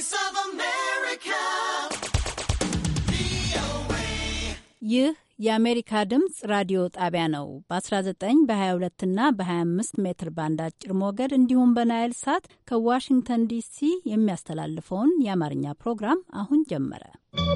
Voice of America. ይህ የአሜሪካ ድምፅ ራዲዮ ጣቢያ ነው። በ19 በ22 እና በ25 ሜትር ባንድ አጭር ሞገድ እንዲሁም በናይል ሳት ከዋሽንግተን ዲሲ የሚያስተላልፈውን የአማርኛ ፕሮግራም አሁን ጀመረ። ¶¶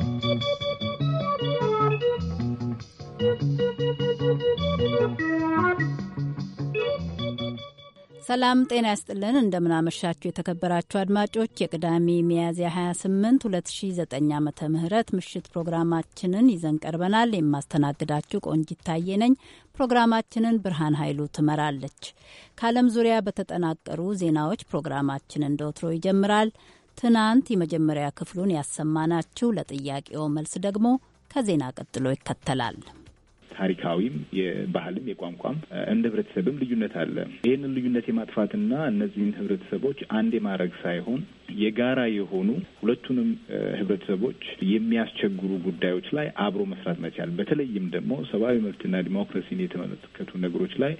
ሰላም ጤና ያስጥልን። እንደምናመሻችሁ የተከበራችሁ አድማጮች የቅዳሜ ሚያዝያ 28 2009 ዓ ም ምሽት ፕሮግራማችንን ይዘን ቀርበናል። የማስተናግዳችሁ ቆንጂት ታዬ ነኝ። ፕሮግራማችንን ብርሃን ኃይሉ ትመራለች። ከዓለም ዙሪያ በተጠናቀሩ ዜናዎች ፕሮግራማችን እንደ ወትሮ ይጀምራል። ትናንት የመጀመሪያ ክፍሉን ያሰማናችሁ፣ ለጥያቄው መልስ ደግሞ ከዜና ቀጥሎ ይከተላል። ታሪካዊም፣ የባህልም፣ የቋንቋም እንደ ህብረተሰብም ልዩነት አለ። ይህንን ልዩነት የማጥፋትና እነዚህን ህብረተሰቦች አንድ የማድረግ ሳይሆን የጋራ የሆኑ ሁለቱንም ህብረተሰቦች የሚያስቸግሩ ጉዳዮች ላይ አብሮ መስራት መቻል፣ በተለይም ደግሞ ሰብአዊ መብትና ዲሞክራሲን የተመለከቱ ነገሮች ላይ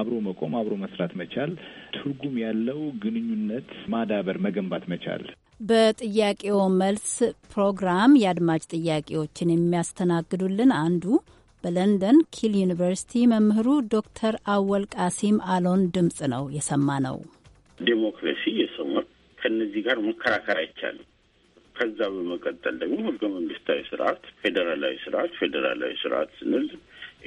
አብሮ መቆም፣ አብሮ መስራት መቻል፣ ትርጉም ያለው ግንኙነት ማዳበር፣ መገንባት መቻል። በጥያቄው መልስ ፕሮግራም የአድማጭ ጥያቄዎችን የሚያስተናግዱልን አንዱ በለንደን ኪል ዩኒቨርሲቲ መምህሩ ዶክተር አወል ቃሲም አሎን ድምፅ ነው የሰማ ነው። ዴሞክራሲ የሰው ከእነዚህ ጋር መከራከር አይቻልም። ከዛ በመቀጠል ደግሞ ህገ መንግስታዊ ስርዓት፣ ፌዴራላዊ ስርዓት። ፌዴራላዊ ስርዓት ስንል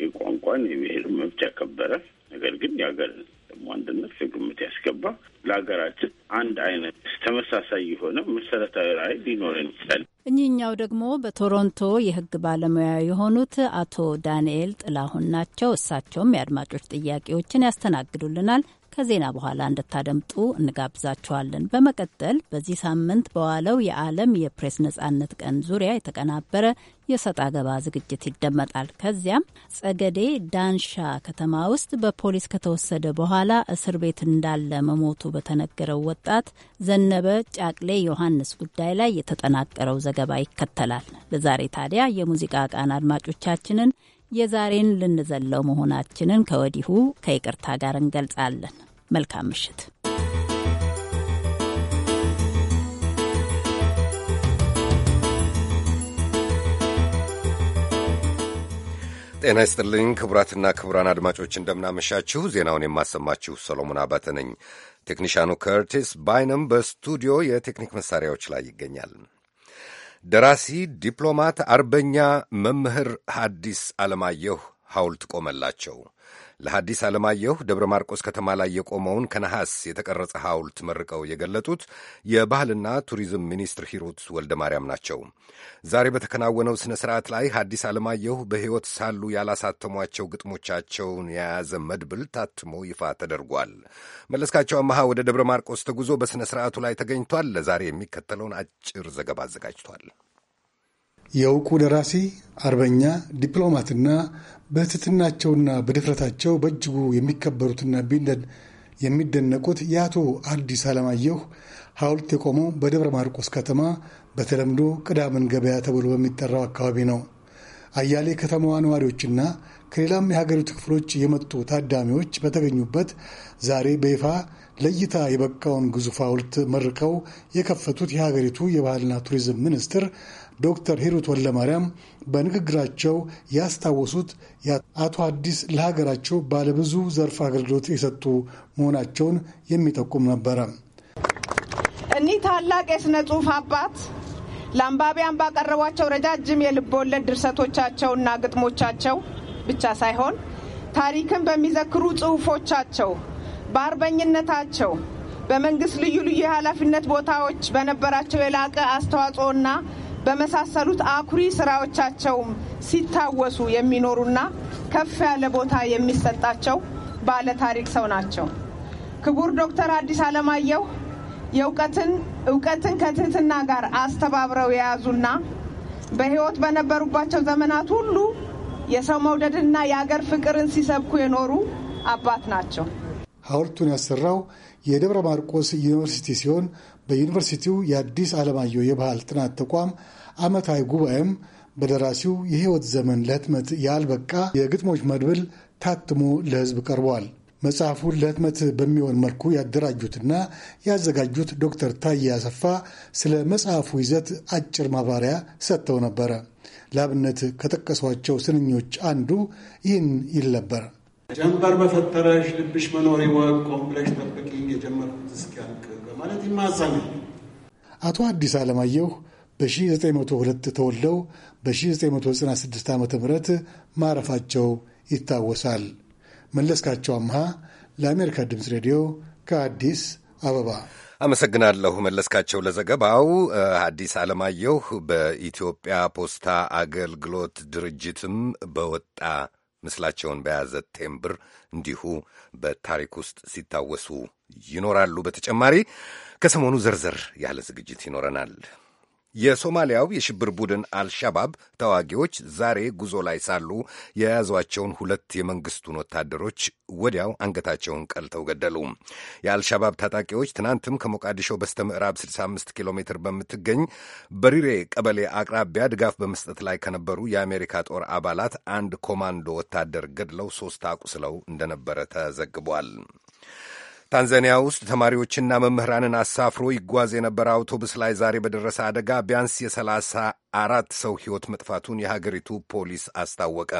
የቋንቋን የብሔር መብት ያከበረ ነገር ግን የሀገር ደግሞ አንድነት ከግምት ያስገባ ለሀገራችን አንድ አይነት ተመሳሳይ የሆነ መሰረታዊ ራዕይ ሊኖረን ይችላል። እኚህኛው ደግሞ በቶሮንቶ የህግ ባለሙያ የሆኑት አቶ ዳንኤል ጥላሁን ናቸው። እሳቸውም የአድማጮች ጥያቄዎችን ያስተናግዱልናል። ከዜና በኋላ እንድታደምጡ እንጋብዛችኋለን። በመቀጠል በዚህ ሳምንት በዋለው የዓለም የፕሬስ ነጻነት ቀን ዙሪያ የተቀናበረ የሰጥ አገባ ዝግጅት ይደመጣል። ከዚያም ጸገዴ ዳንሻ ከተማ ውስጥ በፖሊስ ከተወሰደ በኋላ እስር ቤት እንዳለ መሞቱ በተነገረው ወጣት ዘነበ ጫቅሌ ዮሐንስ ጉዳይ ላይ የተጠናቀረው ዘገባ ይከተላል። ለዛሬ ታዲያ የሙዚቃ ቃን አድማጮቻችንን የዛሬን ልንዘለው መሆናችንን ከወዲሁ ከይቅርታ ጋር እንገልጻለን። መልካም ምሽት። ጤና ይስጥልኝ ክቡራትና ክቡራን አድማጮች እንደምናመሻችሁ። ዜናውን የማሰማችሁ ሰሎሞን አባተ ነኝ። ቴክኒሻኑ ከርቲስ ባይነም በስቱዲዮ የቴክኒክ መሳሪያዎች ላይ ይገኛል። ደራሲ፣ ዲፕሎማት፣ አርበኛ መምህር ሐዲስ ዓለማየሁ ሐውልት ቆመላቸው። ለሐዲስ ዓለማየሁ ደብረ ማርቆስ ከተማ ላይ የቆመውን ከነሐስ የተቀረጸ ሐውልት መርቀው የገለጡት የባህልና ቱሪዝም ሚኒስትር ሂሩት ወልደ ማርያም ናቸው። ዛሬ በተከናወነው ሥነ ሥርዓት ላይ ሐዲስ ዓለማየሁ በሕይወት ሳሉ ያላሳተሟቸው ግጥሞቻቸውን የያዘ መድብል ታትሞ ይፋ ተደርጓል። መለስካቸው አመሃ ወደ ደብረ ማርቆስ ተጉዞ በሥነ ሥርዓቱ ላይ ተገኝቷል። ለዛሬ የሚከተለውን አጭር ዘገባ አዘጋጅቷል። የእውቁ ደራሲ አርበኛ ዲፕሎማትና በትህትናቸውና በድፍረታቸው በእጅጉ የሚከበሩትና ቢንደን የሚደነቁት የአቶ አዲስ አለማየሁ ሐውልት የቆመው በደብረ ማርቆስ ከተማ በተለምዶ ቅዳምን ገበያ ተብሎ በሚጠራው አካባቢ ነው። አያሌ ከተማዋ ነዋሪዎችና ከሌላም የሀገሪቱ ክፍሎች የመጡ ታዳሚዎች በተገኙበት ዛሬ በይፋ ለእይታ የበቃውን ግዙፍ ሐውልት መርቀው የከፈቱት የሀገሪቱ የባህልና ቱሪዝም ሚኒስትር ዶክተር ሂሩት ወለማርያም በንግግራቸው ያስታወሱት አቶ አዲስ ለሀገራቸው ባለብዙ ዘርፍ አገልግሎት የሰጡ መሆናቸውን የሚጠቁም ነበረ። እኒህ ታላቅ የሥነ ጽሑፍ አባት ለአንባቢያን ባቀረቧቸው ረጃጅም የልብ ወለድ ድርሰቶቻቸውና ግጥሞቻቸው ብቻ ሳይሆን ታሪክን በሚዘክሩ ጽሁፎቻቸው፣ በአርበኝነታቸው፣ በመንግስት ልዩ ልዩ የኃላፊነት ቦታዎች በነበራቸው የላቀ አስተዋጽኦና በመሳሰሉት አኩሪ ስራዎቻቸውም ሲታወሱ የሚኖሩና ከፍ ያለ ቦታ የሚሰጣቸው ባለ ታሪክ ሰው ናቸው። ክቡር ዶክተር አዲስ አለማየሁ የእውቀትን እውቀትን ከትህትና ጋር አስተባብረው የያዙና በህይወት በነበሩባቸው ዘመናት ሁሉ የሰው መውደድና የአገር ፍቅርን ሲሰብኩ የኖሩ አባት ናቸው። ሐውልቱን ያሰራው የደብረ ማርቆስ ዩኒቨርሲቲ ሲሆን በዩኒቨርሲቲው የአዲስ ዓለማየሁ የባህል ጥናት ተቋም ዓመታዊ ጉባኤም በደራሲው የሕይወት ዘመን ለህትመት ያልበቃ የግጥሞች መድብል ታትሞ ለሕዝብ ቀርቧል። መጽሐፉን ለህትመት በሚሆን መልኩ ያደራጁትና ያዘጋጁት ዶክተር ታዬ አሰፋ ስለ መጽሐፉ ይዘት አጭር ማብራሪያ ሰጥተው ነበረ። ለአብነት ከጠቀሷቸው ስንኞች አንዱ ይህን ይል ነበር። ጀንበር በፈጠረሽ ልብሽ መኖሪ ወቅ ቆም ብለሽ ጠብቂኝ የጀመርኩት እስኪያልቅ በማለት ይማሳል። አቶ አዲስ አለማየሁ በ1902 ተወልደው በ1996 ዓ ም ማረፋቸው ይታወሳል። መለስካቸው አምሃ ለአሜሪካ ድምፅ ሬዲዮ ከአዲስ አበባ አመሰግናለሁ መለስካቸው ለዘገባው። አዲስ አለማየሁ በኢትዮጵያ ፖስታ አገልግሎት ድርጅትም በወጣ ምስላቸውን በያዘ ቴምብር እንዲሁ በታሪክ ውስጥ ሲታወሱ ይኖራሉ። በተጨማሪ ከሰሞኑ ዘርዘር ያለ ዝግጅት ይኖረናል። የሶማሊያው የሽብር ቡድን አልሻባብ ተዋጊዎች ዛሬ ጉዞ ላይ ሳሉ የያዟቸውን ሁለት የመንግስቱን ወታደሮች ወዲያው አንገታቸውን ቀልተው ገደሉ። የአልሻባብ ታጣቂዎች ትናንትም ከሞቃዲሾ በስተ ምዕራብ 65 ኪሎ ሜትር በምትገኝ በሪሬ ቀበሌ አቅራቢያ ድጋፍ በመስጠት ላይ ከነበሩ የአሜሪካ ጦር አባላት አንድ ኮማንዶ ወታደር ገድለው ሶስት አቁስለው እንደነበረ ተዘግቧል። ታንዛኒያ ውስጥ ተማሪዎችና መምህራንን አሳፍሮ ይጓዝ የነበረ አውቶቡስ ላይ ዛሬ በደረሰ አደጋ ቢያንስ የሰላሳ አራት ሰው ሕይወት መጥፋቱን የሀገሪቱ ፖሊስ አስታወቀ።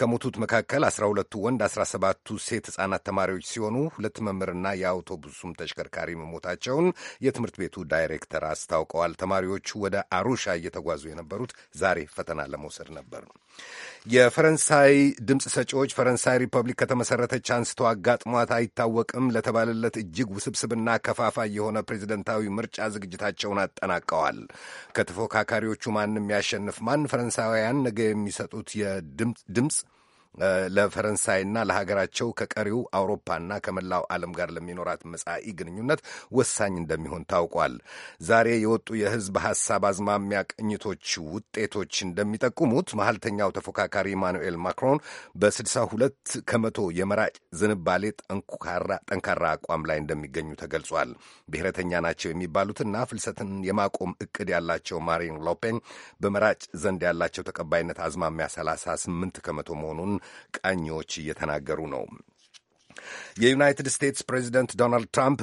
ከሞቱት መካከል 12ቱ ወንድ 17ቱ ሴት ሕፃናት ተማሪዎች ሲሆኑ ሁለት መምህርና የአውቶቡሱም ተሽከርካሪ መሞታቸውን የትምህርት ቤቱ ዳይሬክተር አስታውቀዋል። ተማሪዎቹ ወደ አሩሻ እየተጓዙ የነበሩት ዛሬ ፈተና ለመውሰድ ነበር። የፈረንሳይ ድምፅ ሰጪዎች ፈረንሳይ ሪፐብሊክ ከተመሠረተች አንስቶ አጋጥሟት አይታወቅም ለተባለለት እጅግ ውስብስብና ከፋፋይ የሆነ ፕሬዚደንታዊ ምርጫ ዝግጅታቸውን አጠናቀዋል። ከተፎካካሪዎቹ ማንም ያሸንፍ ማን ፈረንሳውያን ነገ የሚሰጡት የድምፅ ለፈረንሳይና ለሀገራቸው ከቀሪው አውሮፓና ከመላው ዓለም ጋር ለሚኖራት መጻኢ ግንኙነት ወሳኝ እንደሚሆን ታውቋል። ዛሬ የወጡ የህዝብ ሐሳብ አዝማሚያ ቅኝቶች ውጤቶች እንደሚጠቁሙት መሀልተኛው ተፎካካሪ ኢማኑኤል ማክሮን በ62 ከመቶ የመራጭ ዝንባሌ ጠንካራ አቋም ላይ እንደሚገኙ ተገልጿል። ብሔረተኛ ናቸው የሚባሉትና ፍልሰትን የማቆም እቅድ ያላቸው ማሪን ሎፔን በመራጭ ዘንድ ያላቸው ተቀባይነት አዝማሚያ 38 ከመቶ መሆኑን ቀኞች እየተናገሩ ነው። የዩናይትድ ስቴትስ ፕሬዚደንት ዶናልድ ትራምፕ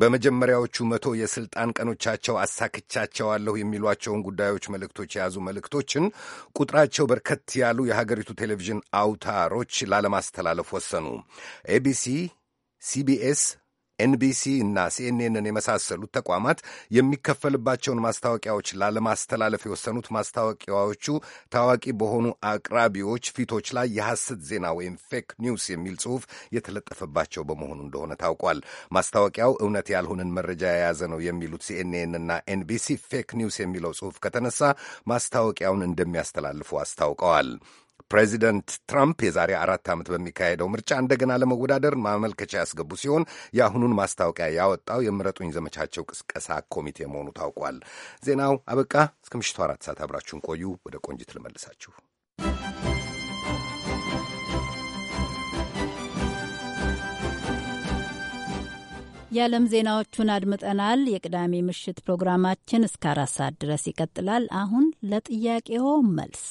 በመጀመሪያዎቹ መቶ የስልጣን ቀኖቻቸው አሳክቻቸዋለሁ የሚሏቸውን ጉዳዮች መልእክቶች የያዙ መልእክቶችን ቁጥራቸው በርከት ያሉ የሀገሪቱ ቴሌቪዥን አውታሮች ላለማስተላለፍ ወሰኑ። ኤቢሲ፣ ሲቢኤስ ኤንቢሲ እና ሲኤንኤንን የመሳሰሉት ተቋማት የሚከፈልባቸውን ማስታወቂያዎች ላለማስተላለፍ የወሰኑት ማስታወቂያዎቹ ታዋቂ በሆኑ አቅራቢዎች ፊቶች ላይ የሐሰት ዜና ወይም ፌክ ኒውስ የሚል ጽሑፍ የተለጠፈባቸው በመሆኑ እንደሆነ ታውቋል። ማስታወቂያው እውነት ያልሆንን መረጃ የያዘ ነው የሚሉት ሲኤንኤን እና ኤንቢሲ ፌክ ኒውስ የሚለው ጽሑፍ ከተነሳ ማስታወቂያውን እንደሚያስተላልፉ አስታውቀዋል። ፕሬዚደንት ትራምፕ የዛሬ አራት ዓመት በሚካሄደው ምርጫ እንደገና ለመወዳደር ማመልከቻ ያስገቡ ሲሆን የአሁኑን ማስታወቂያ ያወጣው የምረጡኝ ዘመቻቸው ቅስቀሳ ኮሚቴ መሆኑ ታውቋል። ዜናው አበቃ። እስከ ምሽቱ አራት ሰዓት አብራችሁን ቆዩ። ወደ ቆንጅት ልመልሳችሁ። የዓለም ዜናዎቹን አድምጠናል። የቅዳሜ ምሽት ፕሮግራማችን እስከ አራት ሰዓት ድረስ ይቀጥላል። አሁን ለጥያቄው መልስ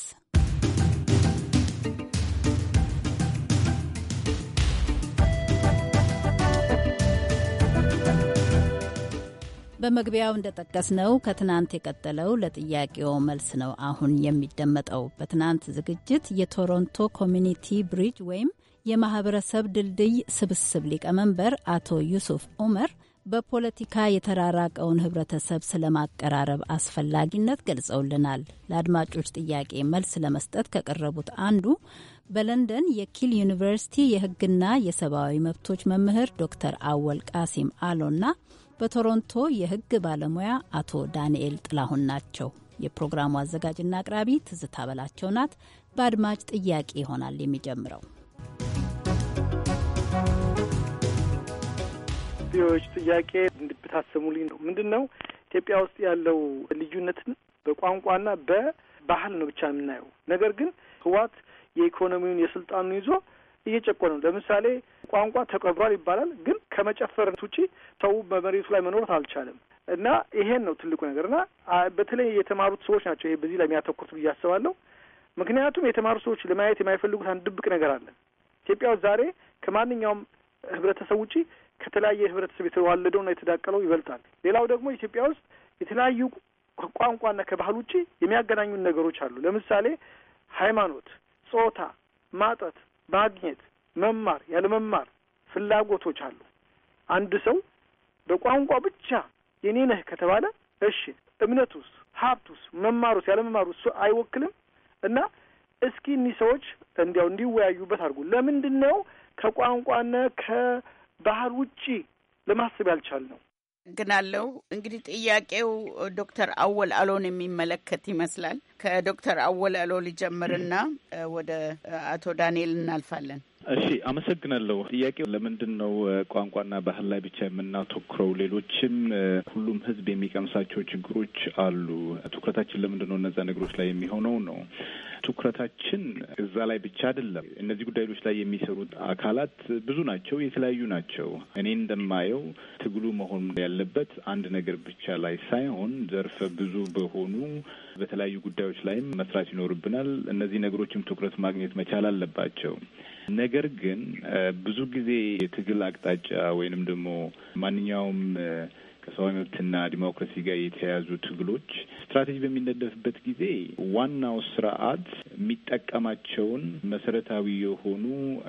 በመግቢያው እንደጠቀስነው ከትናንት የቀጠለው ለጥያቄው መልስ ነው አሁን የሚደመጠው። በትናንት ዝግጅት የቶሮንቶ ኮሚኒቲ ብሪጅ ወይም የማህበረሰብ ድልድይ ስብስብ ሊቀመንበር አቶ ዩሱፍ ኡመር በፖለቲካ የተራራቀውን ህብረተሰብ ስለማቀራረብ አስፈላጊነት ገልጸውልናል። ለአድማጮች ጥያቄ መልስ ለመስጠት ከቀረቡት አንዱ በለንደን የኪል ዩኒቨርሲቲ የህግና የሰብአዊ መብቶች መምህር ዶክተር አወል ቃሲም አሎና በቶሮንቶ የሕግ ባለሙያ አቶ ዳንኤል ጥላሁን ናቸው። የፕሮግራሙ አዘጋጅና አቅራቢ ትዝታ በላቸው ናት። በአድማጭ ጥያቄ ይሆናል የሚጀምረው። ዎች ጥያቄ እንድብታሰሙልኝ ነው። ምንድን ነው ኢትዮጵያ ውስጥ ያለው ልዩነትን በቋንቋና በባህል ነው ብቻ የምናየው። ነገር ግን ህዋት የኢኮኖሚውን የስልጣኑን ይዞ እየጨቆነ ነው። ለምሳሌ ቋንቋ ተቀብሯል ይባላል፣ ግን ከመጨፈር ውጪ ሰው በመሬቱ ላይ መኖር አልቻለም። እና ይሄን ነው ትልቁ ነገር እና በተለይ የተማሩት ሰዎች ናቸው ይሄ በዚህ ላይ የሚያተኩሩት ብዬ አስባለሁ። ምክንያቱም የተማሩ ሰዎች ለማየት የማይፈልጉት አንድ ድብቅ ነገር አለ። ኢትዮጵያ ዛሬ ከማንኛውም ህብረተሰብ ውጪ ከተለያየ ህብረተሰብ የተዋለደውና የተዳቀለው ይበልጣል። ሌላው ደግሞ ኢትዮጵያ ውስጥ የተለያዩ ከቋንቋና ከባህል ውጪ የሚያገናኙን ነገሮች አሉ። ለምሳሌ ሃይማኖት፣ ጾታ፣ ማጠት፣ ማግኘት፣ መማር፣ ያለመማር ፍላጎቶች አሉ። አንድ ሰው በቋንቋ ብቻ የኔ ነህ ከተባለ እሺ እምነቱስ፣ ሀብቱስ፣ መማሩስ ያለመማሩ እሱ አይወክልም እና እስኪ እኒህ ሰዎች እንዲያው እንዲወያዩበት አድርጉ። ለምንድን ነው ከቋንቋና ከባህል ውጪ ለማሰብ ያልቻል ነው? ግን አለው እንግዲህ ጥያቄው ዶክተር አወል አሎን የሚመለከት ይመስላል። ከዶክተር አወል አሎ ሊጀምርና ወደ አቶ ዳንኤል እናልፋለን። እሺ አመሰግናለሁ። ጥያቄው ለምንድን ነው ቋንቋና ባህል ላይ ብቻ የምናተኩረው? ሌሎችም ሁሉም ሕዝብ የሚቀምሳቸው ችግሮች አሉ። ትኩረታችን ለምንድን ነው እነዛ ነገሮች ላይ የሚሆነው ነው። ትኩረታችን እዛ ላይ ብቻ አይደለም። እነዚህ ጉዳዮች ላይ የሚሰሩት አካላት ብዙ ናቸው፣ የተለያዩ ናቸው። እኔ እንደማየው ትግሉ መሆን ያለበት አንድ ነገር ብቻ ላይ ሳይሆን ዘርፈ ብዙ በሆኑ በተለያዩ ጉዳዮች ላይም መስራት ይኖርብናል። እነዚህ ነገሮችም ትኩረት ማግኘት መቻል አለባቸው። ነገር ግን ብዙ ጊዜ የትግል አቅጣጫ ወይንም ደግሞ ማንኛውም ከሰው መብትና ዲሞክራሲ ጋር የተያያዙ ትግሎች ስትራቴጂ በሚነደፍበት ጊዜ ዋናው ስርዓት የሚጠቀማቸውን መሰረታዊ የሆኑ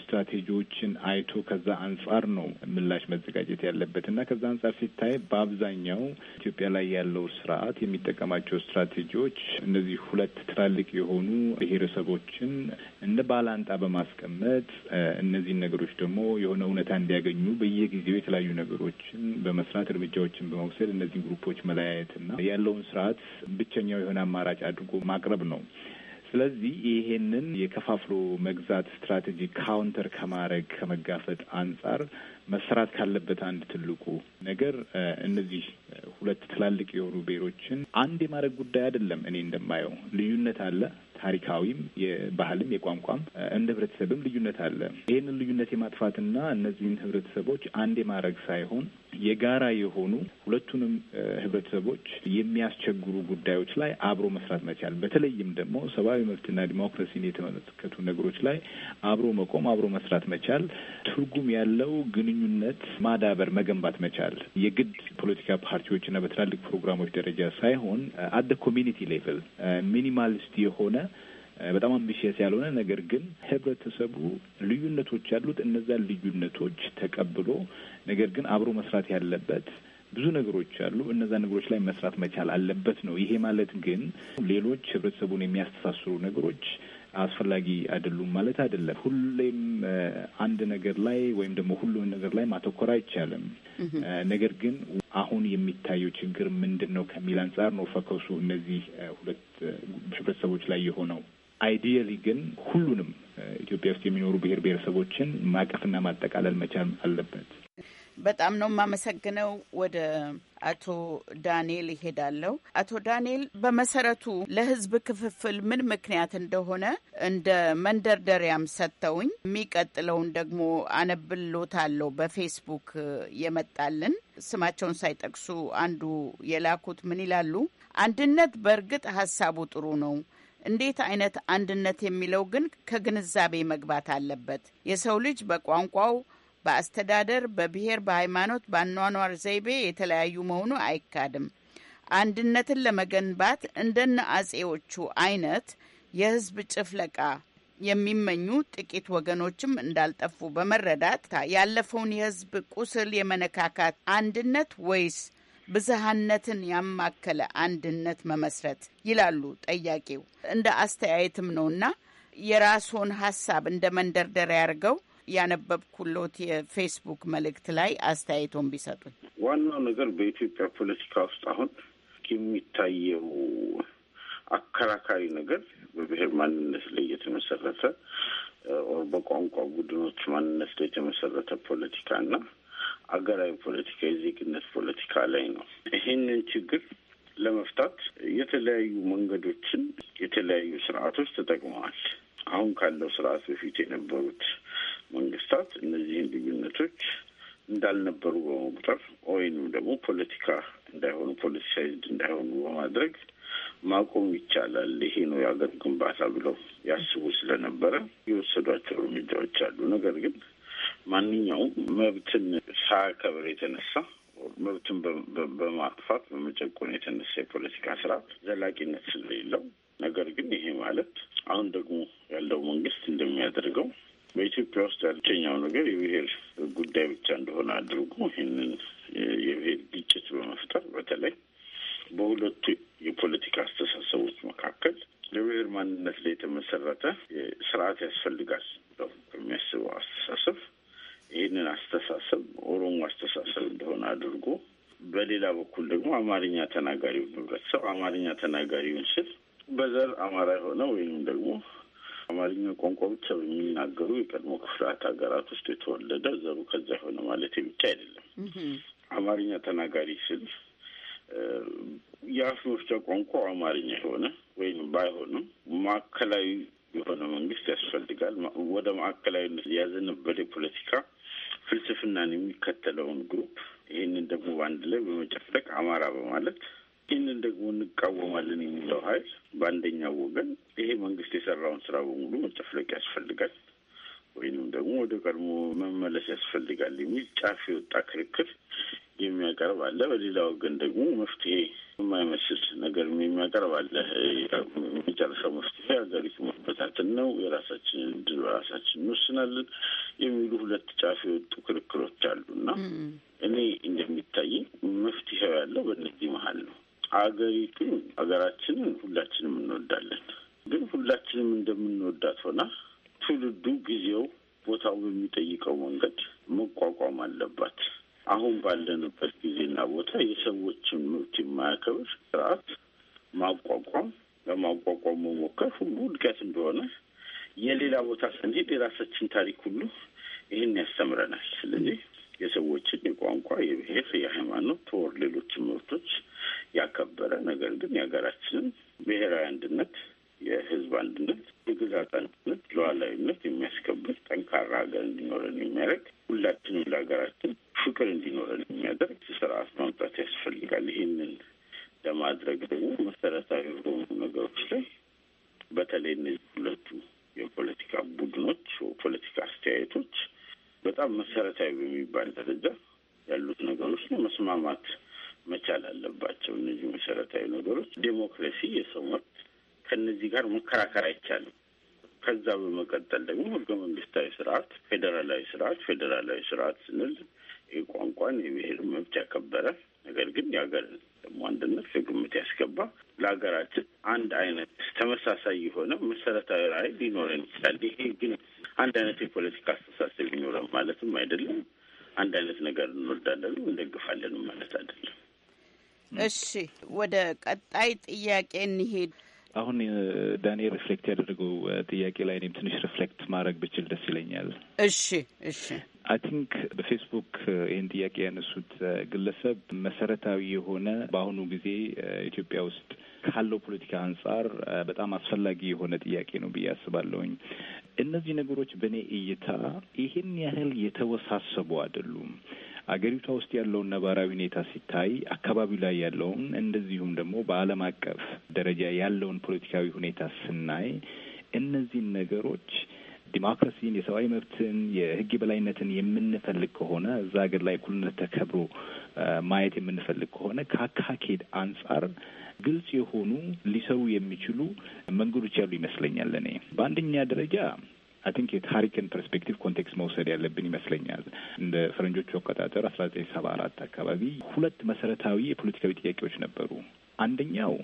ስትራቴጂዎችን አይቶ ከዛ አንጻር ነው ምላሽ መዘጋጀት ያለበት እና ከዛ አንጻር ሲታይ በአብዛኛው ኢትዮጵያ ላይ ያለው ስርዓት የሚጠቀማቸው ስትራቴጂዎች እነዚህ ሁለት ትላልቅ የሆኑ ብሔረሰቦችን እንደ ባላንጣ በማስቀመጥ እነዚህን ነገሮች ደግሞ የሆነ እውነታ እንዲያገኙ በየጊዜው የተለያዩ ነገሮችን በመስራት እርምጃዎችን እርምጃዎችን በመውሰድ እነዚህን ግሩፖች መለያየትና ያለውን ስርዓት ብቸኛው የሆነ አማራጭ አድርጎ ማቅረብ ነው። ስለዚህ ይሄንን የከፋፍሎ መግዛት ስትራቴጂ ካውንተር ከማድረግ ከመጋፈጥ አንጻር መሰራት ካለበት አንድ ትልቁ ነገር እነዚህ ሁለት ትላልቅ የሆኑ ብሔሮችን አንድ የማድረግ ጉዳይ አይደለም። እኔ እንደማየው ልዩነት አለ። ታሪካዊም፣ የባህልም፣ የቋንቋም እንደ ህብረተሰብም ልዩነት አለ። ይህንን ልዩነት የማጥፋትና እነዚህን ህብረተሰቦች አንድ የማድረግ ሳይሆን የጋራ የሆኑ ሁለቱንም ህብረተሰቦች የሚያስቸግሩ ጉዳዮች ላይ አብሮ መስራት መቻል፣ በተለይም ደግሞ ሰብአዊ መብትና ዲሞክራሲን የተመለከቱ ነገሮች ላይ አብሮ መቆም፣ አብሮ መስራት መቻል፣ ትርጉም ያለው ግንኙነት ማዳበር፣ መገንባት መቻል የግድ ፖለቲካ ፓርቲዎችና በትላልቅ ፕሮግራሞች ደረጃ ሳይሆን አደ ኮሚኒቲ ሌቭል ሚኒማሊስት የሆነ በጣም አምቢሽየስ ያልሆነ ነገር ግን ህብረተሰቡ ልዩነቶች ያሉት እነዛን ልዩነቶች ተቀብሎ ነገር ግን አብሮ መስራት ያለበት ብዙ ነገሮች አሉ። እነዛ ነገሮች ላይ መስራት መቻል አለበት ነው። ይሄ ማለት ግን ሌሎች ህብረተሰቡን የሚያስተሳስሩ ነገሮች አስፈላጊ አይደሉም ማለት አይደለም። ሁሌም አንድ ነገር ላይ ወይም ደግሞ ሁሉም ነገር ላይ ማተኮር አይቻልም። ነገር ግን አሁን የሚታየው ችግር ምንድን ነው ከሚል አንጻር ነው ፈከሱ እነዚህ ሁለት ህብረተሰቦች ላይ የሆነው አይዲየሊ ግን ሁሉንም uh, ኢትዮጵያ ውስጥ የሚኖሩ ብሔር ብሔረሰቦችን ማቀፍና ማጠቃለል መቻል አለበት። በጣም ነው የማመሰግነው። ወደ አቶ ዳንኤል ይሄዳለሁ። አቶ ዳንኤል በመሰረቱ ለህዝብ ክፍፍል ምን ምክንያት እንደሆነ እንደ መንደርደሪያም ሰጥተውኝ የሚቀጥለውን ደግሞ አነብሎታለሁ። በፌስቡክ የመጣልን ስማቸውን ሳይጠቅሱ አንዱ የላኩት ምን ይላሉ? አንድነት በእርግጥ ሀሳቡ ጥሩ ነው። እንዴት አይነት አንድነት የሚለው ግን ከግንዛቤ መግባት አለበት። የሰው ልጅ በቋንቋው፣ በአስተዳደር፣ በብሔር፣ በሃይማኖት፣ በአኗኗር ዘይቤ የተለያዩ መሆኑ አይካድም። አንድነትን ለመገንባት እንደነ አጼዎቹ አይነት የህዝብ ጭፍለቃ የሚመኙ ጥቂት ወገኖችም እንዳልጠፉ በመረዳት ያለፈውን የህዝብ ቁስል የመነካካት አንድነት ወይስ ብዝሃነትን ያማከለ አንድነት መመስረት ይላሉ ጠያቂው። እንደ አስተያየትም ነውና የራስዎን ሀሳብ እንደ መንደርደሪያ ያርገው ያነበብኩሎት የፌስቡክ መልእክት ላይ አስተያየቶን ቢሰጡኝ። ዋናው ነገር በኢትዮጵያ ፖለቲካ ውስጥ አሁን የሚታየው አከራካሪ ነገር በብሔር ማንነት ላይ የተመሰረተ ኦር በቋንቋ ቡድኖች ማንነት ላይ የተመሰረተ ፖለቲካ እና አገራዊ ፖለቲካ የዜግነት ፖለቲካ ላይ ነው። ይህንን ችግር ለመፍታት የተለያዩ መንገዶችን የተለያዩ ስርዓቶች ተጠቅመዋል። አሁን ካለው ስርዓት በፊት የነበሩት መንግስታት እነዚህን ልዩነቶች እንዳልነበሩ በመቁጠር ወይንም ደግሞ ፖለቲካ እንዳይሆኑ ፖለቲሳይዝድ እንዳይሆኑ በማድረግ ማቆም ይቻላል፣ ይሄ ነው የሀገር ግንባታ ብለው ያስቡ ስለነበረ የወሰዷቸው እርምጃዎች አሉ። ነገር ግን ማንኛውም መብትን ሳያከብር የተነሳ መብትን በማጥፋት በመጨቆን የተነሳ የፖለቲካ ስርዓት ዘላቂነት ስለሌለው፣ ነገር ግን ይሄ ማለት አሁን ደግሞ ያለው መንግስት እንደሚያደርገው በኢትዮጵያ ውስጥ ያልቸኛው ነገር የብሔር ጉዳይ ብቻ እንደሆነ አድርጎ ይህንን የብሔር ግጭት በመፍጠር በተለይ በሁለቱ የፖለቲካ አስተሳሰቦች መካከል የብሔር ማንነት ላይ የተመሰረተ ስርዓት ያስፈልጋል የሚያስበው አስተሳሰብ ይህንን አስተሳሰብ ኦሮሞ አስተሳሰብ እንደሆነ አድርጎ በሌላ በኩል ደግሞ አማርኛ ተናጋሪውን ህብረተሰብ አማርኛ ተናጋሪውን ስል በዘር አማራ የሆነ ወይም ደግሞ አማርኛ ቋንቋ ብቻ በሚናገሩ የቀድሞ ክፍላት ሀገራት ውስጥ የተወለደ ዘሩ ከዛ የሆነ ማለት ብቻ አይደለም። አማርኛ ተናጋሪ ስል የአፍ መፍቻ ቋንቋ አማርኛ የሆነ ወይም ባይሆንም ማዕከላዊ የሆነ መንግስት ያስፈልጋል። ወደ ማዕከላዊነት ያዘነበለ ፖለቲካ ፍልስፍናን የሚከተለውን ግሩፕ ይህንን ደግሞ በአንድ ላይ በመጨፍለቅ አማራ በማለት ይህንን ደግሞ እንቃወማለን የሚለው ኃይል በአንደኛው ወገን ይሄ መንግስት የሰራውን ስራ በሙሉ መጨፍለቅ ያስፈልጋል ወይንም ደግሞ ወደ ቀድሞ መመለስ ያስፈልጋል የሚል ጫፍ የወጣ ክርክር የሚያቀርብ አለ። በሌላ ወገን ደግሞ መፍትሄ የማይመስል ነገር የሚያቀርብ አለ። የመጨረሻው መፍትሄ ሀገሪቱ መበታተን ነው፣ የራሳችንን እድል በራሳችን እንወስናለን የሚሉ ሁለት ጫፍ የወጡ ክርክሮች አሉ እና እኔ እንደሚታየኝ መፍትሄው ያለው በእነዚህ መሀል ነው። አገሪቱን ሀገራችንን ሁላችንም እንወዳለን። ግን ሁላችንም እንደምንወዳት ሆና ትውልዱ ጊዜው ቦታው በሚጠይቀው መንገድ መቋቋም አለባት። አሁን ባለንበት ጊዜና ቦታ የሰዎችን መብት የማያከብር ስርዓት ማቋቋም ለማቋቋም መሞከር ሁሉ ውድቀት እንደሆነ የሌላ ቦታ ስንሄድ የራሳችን ታሪክ ሁሉ ይህን ያስተምረናል። ስለዚህ የሰዎችን የቋንቋ፣ የብሔር፣ የሃይማኖት ወር ሌሎችን መብቶች ያከበረ ነገር ግን የሀገራችንን ብሔራዊ አንድነት የህዝብ አንድነት፣ የግዛት አንድነት፣ ሉዓላዊነት የሚያስከብር ጠንካራ ሀገር እንዲኖረን የሚያደርግ ሁላችንም ለሀገራችን ፍቅር እንዲኖረን የሚያደርግ ስርዓት ማምጣት ያስፈልጋል። ይህንን ለማድረግ ደግሞ መሰረታዊ የሆኑ ነገሮች ላይ በተለይ እነዚህ ሁለቱ የፖለቲካ ቡድኖች ፖለቲካ አስተያየቶች በጣም መሰረታዊ በሚባል ደረጃ ያሉት ነገሮች ላይ መስማማት መቻል አለባቸው። እነዚህ መሰረታዊ ነገሮች ዴሞክራሲ፣ የሰው መብት ከእነዚህ ጋር መከራከር አይቻልም። ከዛ በመቀጠል ደግሞ ህገ መንግስታዊ ስርዓት፣ ፌዴራላዊ ስርዓት። ፌዴራላዊ ስርዓት ስንል የቋንቋን የብሔር መብት ያከበረ ነገር ግን የሀገር ደግሞ አንድነት ከግምት ያስገባ ለሀገራችን አንድ አይነት ተመሳሳይ የሆነ መሰረታዊ ራዕይ ሊኖረን ይችላል። ይሄ ግን አንድ አይነት የፖለቲካ አስተሳሰብ ይኖረን ማለትም አይደለም። አንድ አይነት ነገር እንወዳለን እንደግፋለን ማለት አይደለም። እሺ፣ ወደ ቀጣይ ጥያቄ እንሄድ። አሁን ዳኔ ሪፍሌክት ያደረገው ጥያቄ ላይ እኔም ትንሽ ሪፍሌክት ማድረግ ብችል ደስ ይለኛል። እሺ፣ እሺ። አይ ቲንክ በፌስቡክ ይህን ጥያቄ ያነሱት ግለሰብ መሰረታዊ የሆነ በአሁኑ ጊዜ ኢትዮጵያ ውስጥ ካለው ፖለቲካ አንጻር በጣም አስፈላጊ የሆነ ጥያቄ ነው ብዬ አስባለሁኝ። እነዚህ ነገሮች በእኔ እይታ ይህን ያህል የተወሳሰቡ አይደሉም። አገሪቷ ውስጥ ያለውን ነባራዊ ሁኔታ ሲታይ አካባቢው ላይ ያለውን እንደዚሁም ደግሞ በዓለም አቀፍ ደረጃ ያለውን ፖለቲካዊ ሁኔታ ስናይ እነዚህን ነገሮች ዲሞክራሲን፣ የሰብአዊ መብትን፣ የህግ የበላይነትን የምንፈልግ ከሆነ እዛ ሀገር ላይ እኩልነት ተከብሮ ማየት የምንፈልግ ከሆነ ከአካሄድ አንጻር ግልጽ የሆኑ ሊሰሩ የሚችሉ መንገዶች ያሉ ይመስለኛል። እኔ በአንደኛ ደረጃ አይ ቲንክ የታሪክን ፐርስፔክቲቭ ኮንቴክስት መውሰድ ያለብን ይመስለኛል። እንደ ፈረንጆቹ አቆጣጠር አስራ ዘጠኝ ሰባ አራት አካባቢ ሁለት መሰረታዊ የፖለቲካዊ ጥያቄዎች ነበሩ። አንደኛው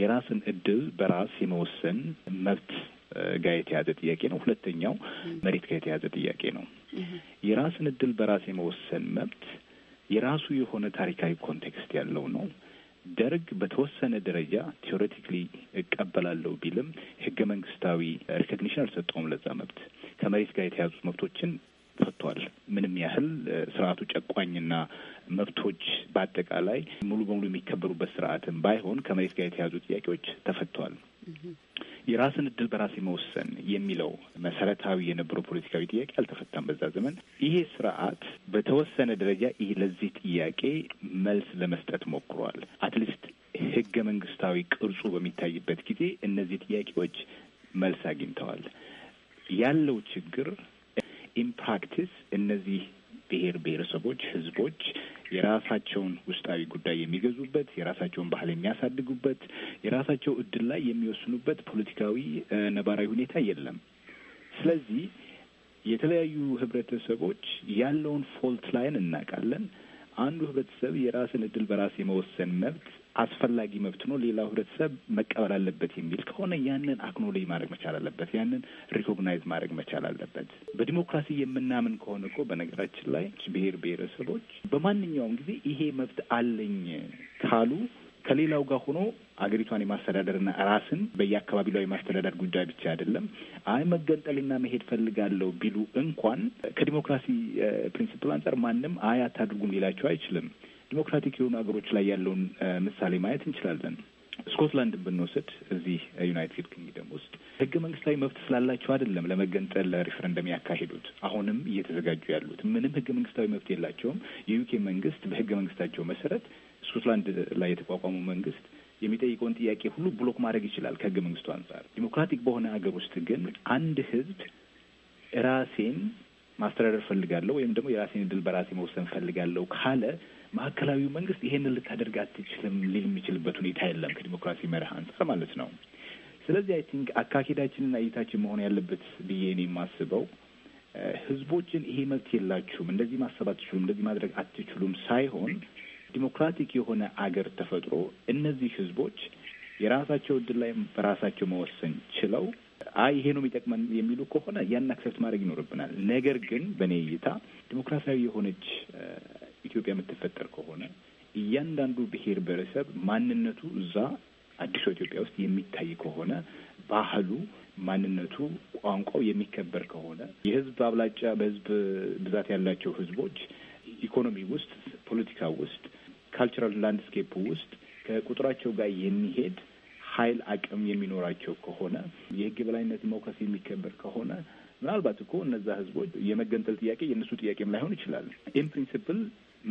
የራስን እድል በራስ የመወሰን መብት ጋር የተያዘ ጥያቄ ነው። ሁለተኛው መሬት ጋር የተያዘ ጥያቄ ነው። የራስን እድል በራስ የመወሰን መብት የራሱ የሆነ ታሪካዊ ኮንቴክስት ያለው ነው። ደርግ በተወሰነ ደረጃ ቴዎሬቲክሊ እቀበላለሁ ቢልም ህገ መንግስታዊ ሪኮግኒሽን አልሰጠውም። ለዛ መብት ከመሬት ጋር የተያዙት መብቶችን ፈቷል። ምንም ያህል ስርዓቱ ጨቋኝና መብቶች በአጠቃላይ ሙሉ በሙሉ የሚከበሩበት ስርዓትን ባይሆን ከመሬት ጋር የተያዙ ጥያቄዎች ተፈቷል። የራስን እድል በራስ መወሰን የሚለው መሰረታዊ የነበረው ፖለቲካዊ ጥያቄ አልተፈታም። በዛ ዘመን ይሄ ስርዓት በተወሰነ ደረጃ ለዚህ ጥያቄ መልስ ለመስጠት ሞክሯል። አትሊስት ህገ መንግስታዊ ቅርጹ በሚታይበት ጊዜ እነዚህ ጥያቄዎች መልስ አግኝተዋል። ያለው ችግር ኢን ፕራክቲስ እነዚህ ብሔር ብሔረሰቦች፣ ህዝቦች የራሳቸውን ውስጣዊ ጉዳይ የሚገዙበት፣ የራሳቸውን ባህል የሚያሳድጉበት፣ የራሳቸው እድል ላይ የሚወስኑበት ፖለቲካዊ ነባራዊ ሁኔታ የለም። ስለዚህ የተለያዩ ህብረተሰቦች ያለውን ፎልት ላይን እናውቃለን። አንዱ ህብረተሰብ የራስን እድል በራስ የመወሰን መብት አስፈላጊ መብት ነው፣ ሌላው ህብረተሰብ መቀበል አለበት የሚል ከሆነ ያንን አክኖሎጂ ማድረግ መቻል አለበት፣ ያንን ሪኮግናይዝ ማድረግ መቻል አለበት። በዲሞክራሲ የምናምን ከሆነ እኮ በነገራችን ላይ ብሔር ብሔረሰቦች በማንኛውም ጊዜ ይሄ መብት አለኝ ካሉ ከሌላው ጋር ሆኖ አገሪቷን የማስተዳደርና ራስን በየአካባቢ ላይ የማስተዳደር ጉዳይ ብቻ አይደለም። አይ መገንጠልና መሄድ ፈልጋለሁ ቢሉ እንኳን ከዲሞክራሲ ፕሪንስፕል አንጻር ማንም አይ አታድርጉም ሊላቸው አይችልም። ዲሞክራቲክ የሆኑ ሀገሮች ላይ ያለውን ምሳሌ ማየት እንችላለን። ስኮትላንድን ብንወስድ እዚህ ዩናይትድ ኪንግደም ውስጥ ህገ መንግስታዊ መብት ስላላቸው አይደለም ለመገንጠል ለሪፍረንደም ያካሄዱት። አሁንም እየተዘጋጁ ያሉት ምንም ህገ መንግስታዊ መብት የላቸውም። የዩኬ መንግስት በህገ መንግስታቸው መሰረት ስኮትላንድ ላይ የተቋቋመው መንግስት የሚጠይቀውን ጥያቄ ሁሉ ብሎክ ማድረግ ይችላል ከህገ መንግስቱ አንጻር። ዲሞክራቲክ በሆነ ሀገር ውስጥ ግን አንድ ህዝብ ራሴን ማስተዳደር ፈልጋለሁ ወይም ደግሞ የራሴን እድል በራሴ መውሰን ፈልጋለሁ ካለ ማዕከላዊው መንግስት ይሄንን ልታደርግ አትችልም ሊል የሚችልበት ሁኔታ የለም ከዲሞክራሲ መርህ አንጻር ማለት ነው። ስለዚህ አይ ቲንክ አካሄዳችንና እይታችን መሆን ያለበት ብዬ እኔ የማስበው ህዝቦችን ይሄ መብት የላችሁም፣ እንደዚህ ማሰብ አትችሉም፣ እንደዚህ ማድረግ አትችሉም ሳይሆን ዲሞክራቲክ የሆነ አገር ተፈጥሮ እነዚህ ህዝቦች የራሳቸው እድል ላይ በራሳቸው መወሰን ችለው አይ ይሄ ነው የሚጠቅመን የሚሉ ከሆነ ያን አክሰፕት ማድረግ ይኖርብናል። ነገር ግን በእኔ እይታ ዲሞክራሲያዊ የሆነች ኢትዮጵያ የምትፈጠር ከሆነ እያንዳንዱ ብሔር ብሔረሰብ ማንነቱ እዛ አዲሷ ኢትዮጵያ ውስጥ የሚታይ ከሆነ ባህሉ፣ ማንነቱ፣ ቋንቋው የሚከበር ከሆነ የህዝብ አብላጫ በህዝብ ብዛት ያላቸው ህዝቦች ኢኮኖሚ ውስጥ፣ ፖለቲካ ውስጥ፣ ካልቸራል ላንድስኬፕ ውስጥ ከቁጥራቸው ጋር የሚሄድ ኃይል አቅም የሚኖራቸው ከሆነ የህግ የበላይነት መውከስ የሚከበር ከሆነ ምናልባት እኮ እነዛ ህዝቦች የመገንጠል ጥያቄ የእነሱ ጥያቄም ላይሆን ይችላል። ኢን ፕሪንስፕል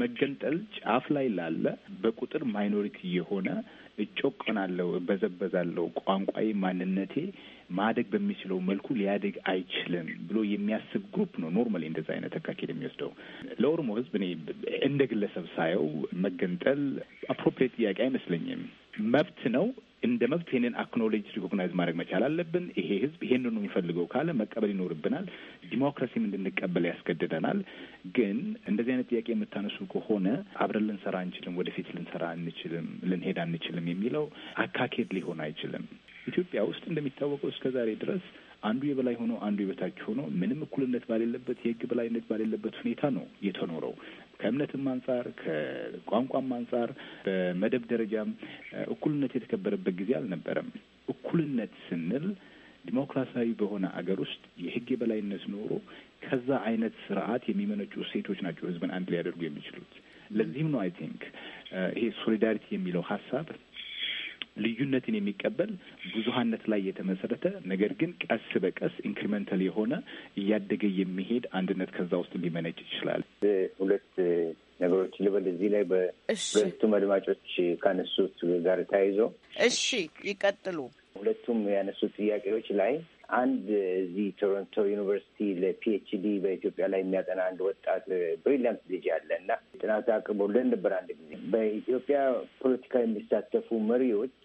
መገንጠል ጫፍ ላይ ላለ በቁጥር ማይኖሪቲ የሆነ እጮቀናለሁ፣ እበዘበዛለሁ፣ ቋንቋዬ፣ ማንነቴ ማደግ በሚችለው መልኩ ሊያደግ አይችልም ብሎ የሚያስብ ግሩፕ ነው። ኖርማሊ እንደዚ አይነት አካሄድ የሚወስደው ለኦሮሞ ህዝብ እኔ እንደ ግለሰብ ሳየው መገንጠል አፕሮፕሪየት ጥያቄ አይመስለኝም። መብት ነው። እንደ መብት ይህንን አክኖሌጅ ሪኮግናይዝ ማድረግ መቻል አለብን። ይሄ ህዝብ ይሄንን ነው የሚፈልገው ካለ መቀበል ይኖርብናል። ዲሞክራሲም እንድንቀበል ያስገድደናል። ግን እንደዚህ አይነት ጥያቄ የምታነሱ ከሆነ አብረን ልንሰራ አንችልም፣ ወደፊት ልንሰራ አንችልም፣ ልንሄድ አንችልም የሚለው አካኬድ ሊሆን አይችልም። ኢትዮጵያ ውስጥ እንደሚታወቀው እስከ ዛሬ ድረስ አንዱ የበላይ ሆኖ አንዱ የበታች ሆኖ ምንም እኩልነት ባሌለበት የህግ በላይነት ባሌለበት ሁኔታ ነው የተኖረው። ከእምነትም አንጻር ከቋንቋም አንጻር በመደብ ደረጃም እኩልነት የተከበረበት ጊዜ አልነበረም። እኩልነት ስንል ዲሞክራሲያዊ በሆነ አገር ውስጥ የህግ የበላይነት ኖሮ ከዛ አይነት ስርዓት የሚመነጩ ሴቶች ናቸው ህዝብን አንድ ሊያደርጉ የሚችሉት። ለዚህም ነው አይ ቲንክ ይሄ ሶሊዳሪቲ የሚለው ሀሳብ ልዩነትን የሚቀበል ብዙሀነት ላይ የተመሰረተ ነገር ግን ቀስ በቀስ ኢንክሪመንታል የሆነ እያደገ የሚሄድ አንድነት ከዛ ውስጥ ሊመነጭ ይችላል። ሁለት ነገሮች ልበል እዚህ ላይ በሁለቱም አድማጮች ካነሱት ጋር ተያይዞ እሺ፣ ይቀጥሉ። ሁለቱም ያነሱት ጥያቄዎች ላይ አንድ እዚህ ቶሮንቶ ዩኒቨርሲቲ ለፒኤችዲ በኢትዮጵያ ላይ የሚያጠና አንድ ወጣት ብሪሊያንት ልጅ አለ እና ጥናት አቅርቦልን ነበር። አንድ ጊዜ በኢትዮጵያ ፖለቲካ የሚሳተፉ መሪዎች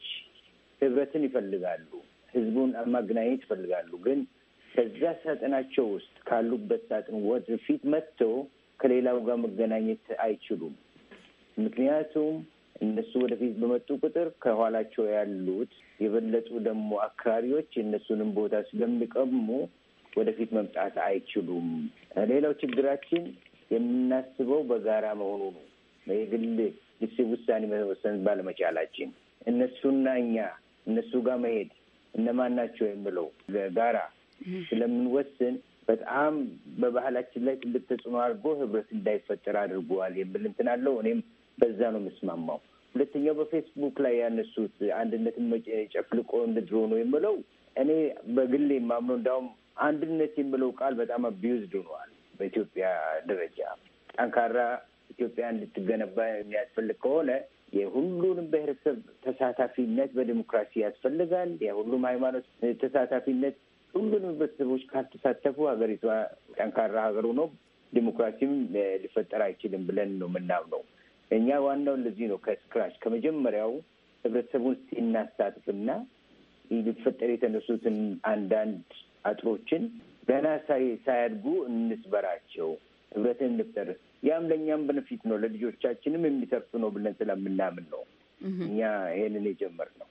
ህብረትን ይፈልጋሉ፣ ህዝቡን ማገናኘት ይፈልጋሉ። ግን ከዛ ሳጥናቸው ውስጥ ካሉበት ሳጥን ወደ መጥቶ ከሌላው ጋር መገናኘት አይችሉም። ምክንያቱም እነሱ ወደፊት በመጡ ቁጥር ከኋላቸው ያሉት የበለጡ ደግሞ አክራሪዎች የእነሱንም ቦታ ስለሚቀሙ ወደፊት መምጣት አይችሉም። ሌላው ችግራችን የምናስበው በጋራ መሆኑ ነው። የግል ግስብ ውሳኔ መወሰን ባለመቻላችን እነሱና እኛ እነሱ ጋር መሄድ እነማን ናቸው የምለው ጋራ ስለምንወስን በጣም በባህላችን ላይ ትልቅ ተጽዕኖ አድርጎ ህብረት እንዳይፈጠር አድርጓል የሚል እንትን አለው። እኔም በዛ ነው የምስማማው። ሁለተኛው በፌስቡክ ላይ ያነሱት አንድነትን ጨፍልቆ እንደ ድሮ ነው የምለው እኔ በግሌ የማምነው እንዳውም አንድነት የምለው ቃል በጣም አቢዩዝድ ሆነዋል በኢትዮጵያ ደረጃ። ጠንካራ ኢትዮጵያ እንድትገነባ የሚያስፈልግ ከሆነ የሁሉንም ብሔረሰብ ተሳታፊነት በዲሞክራሲ ያስፈልጋል። የሁሉም ሃይማኖት ተሳታፊነት፣ ሁሉንም ህብረተሰቦች ካልተሳተፉ ሀገሪቷ ጠንካራ ሀገር ሆኖ ዲሞክራሲም ሊፈጠር አይችልም ብለን ነው የምናምነው። እኛ ዋናው እንደዚህ ነው ከስክራች ከመጀመሪያው ህብረተሰቡን ሲናሳትፍና ሊፈጠር የተነሱትን አንዳንድ አጥሮችን ገና ሳያድጉ እንስበራቸው፣ ህብረትን እንፍጠር። ያም ለእኛም በነፊት ነው ለልጆቻችንም የሚተርፍ ነው ብለን ስለምናምን ነው እኛ ይሄንን የጀመርነው።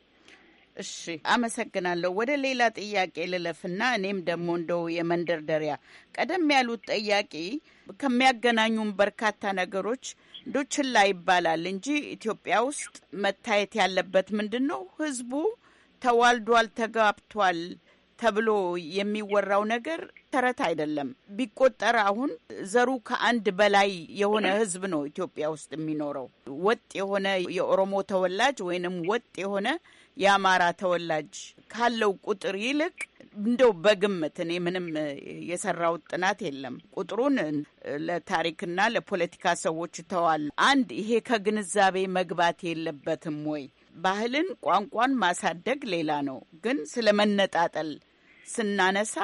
እሺ አመሰግናለሁ። ወደ ሌላ ጥያቄ ልለፍና እኔም ደግሞ እንደው የመንደርደሪያ ቀደም ያሉት ጥያቄ ከሚያገናኙን በርካታ ነገሮች ዱችላ ይባላል እንጂ ኢትዮጵያ ውስጥ መታየት ያለበት ምንድን ነው? ህዝቡ ተዋልዷል፣ ተጋብቷል ተብሎ የሚወራው ነገር ተረት አይደለም። ቢቆጠር አሁን ዘሩ ከአንድ በላይ የሆነ ህዝብ ነው ኢትዮጵያ ውስጥ የሚኖረው። ወጥ የሆነ የኦሮሞ ተወላጅ ወይንም ወጥ የሆነ የአማራ ተወላጅ ካለው ቁጥር ይልቅ እንደው በግምት እኔ ምንም የሰራው ጥናት የለም። ቁጥሩን ለታሪክና ለፖለቲካ ሰዎች ተዋል። አንድ ይሄ ከግንዛቤ መግባት የለበትም ወይ? ባህልን ቋንቋን ማሳደግ ሌላ ነው፣ ግን ስለ መነጣጠል ስናነሳ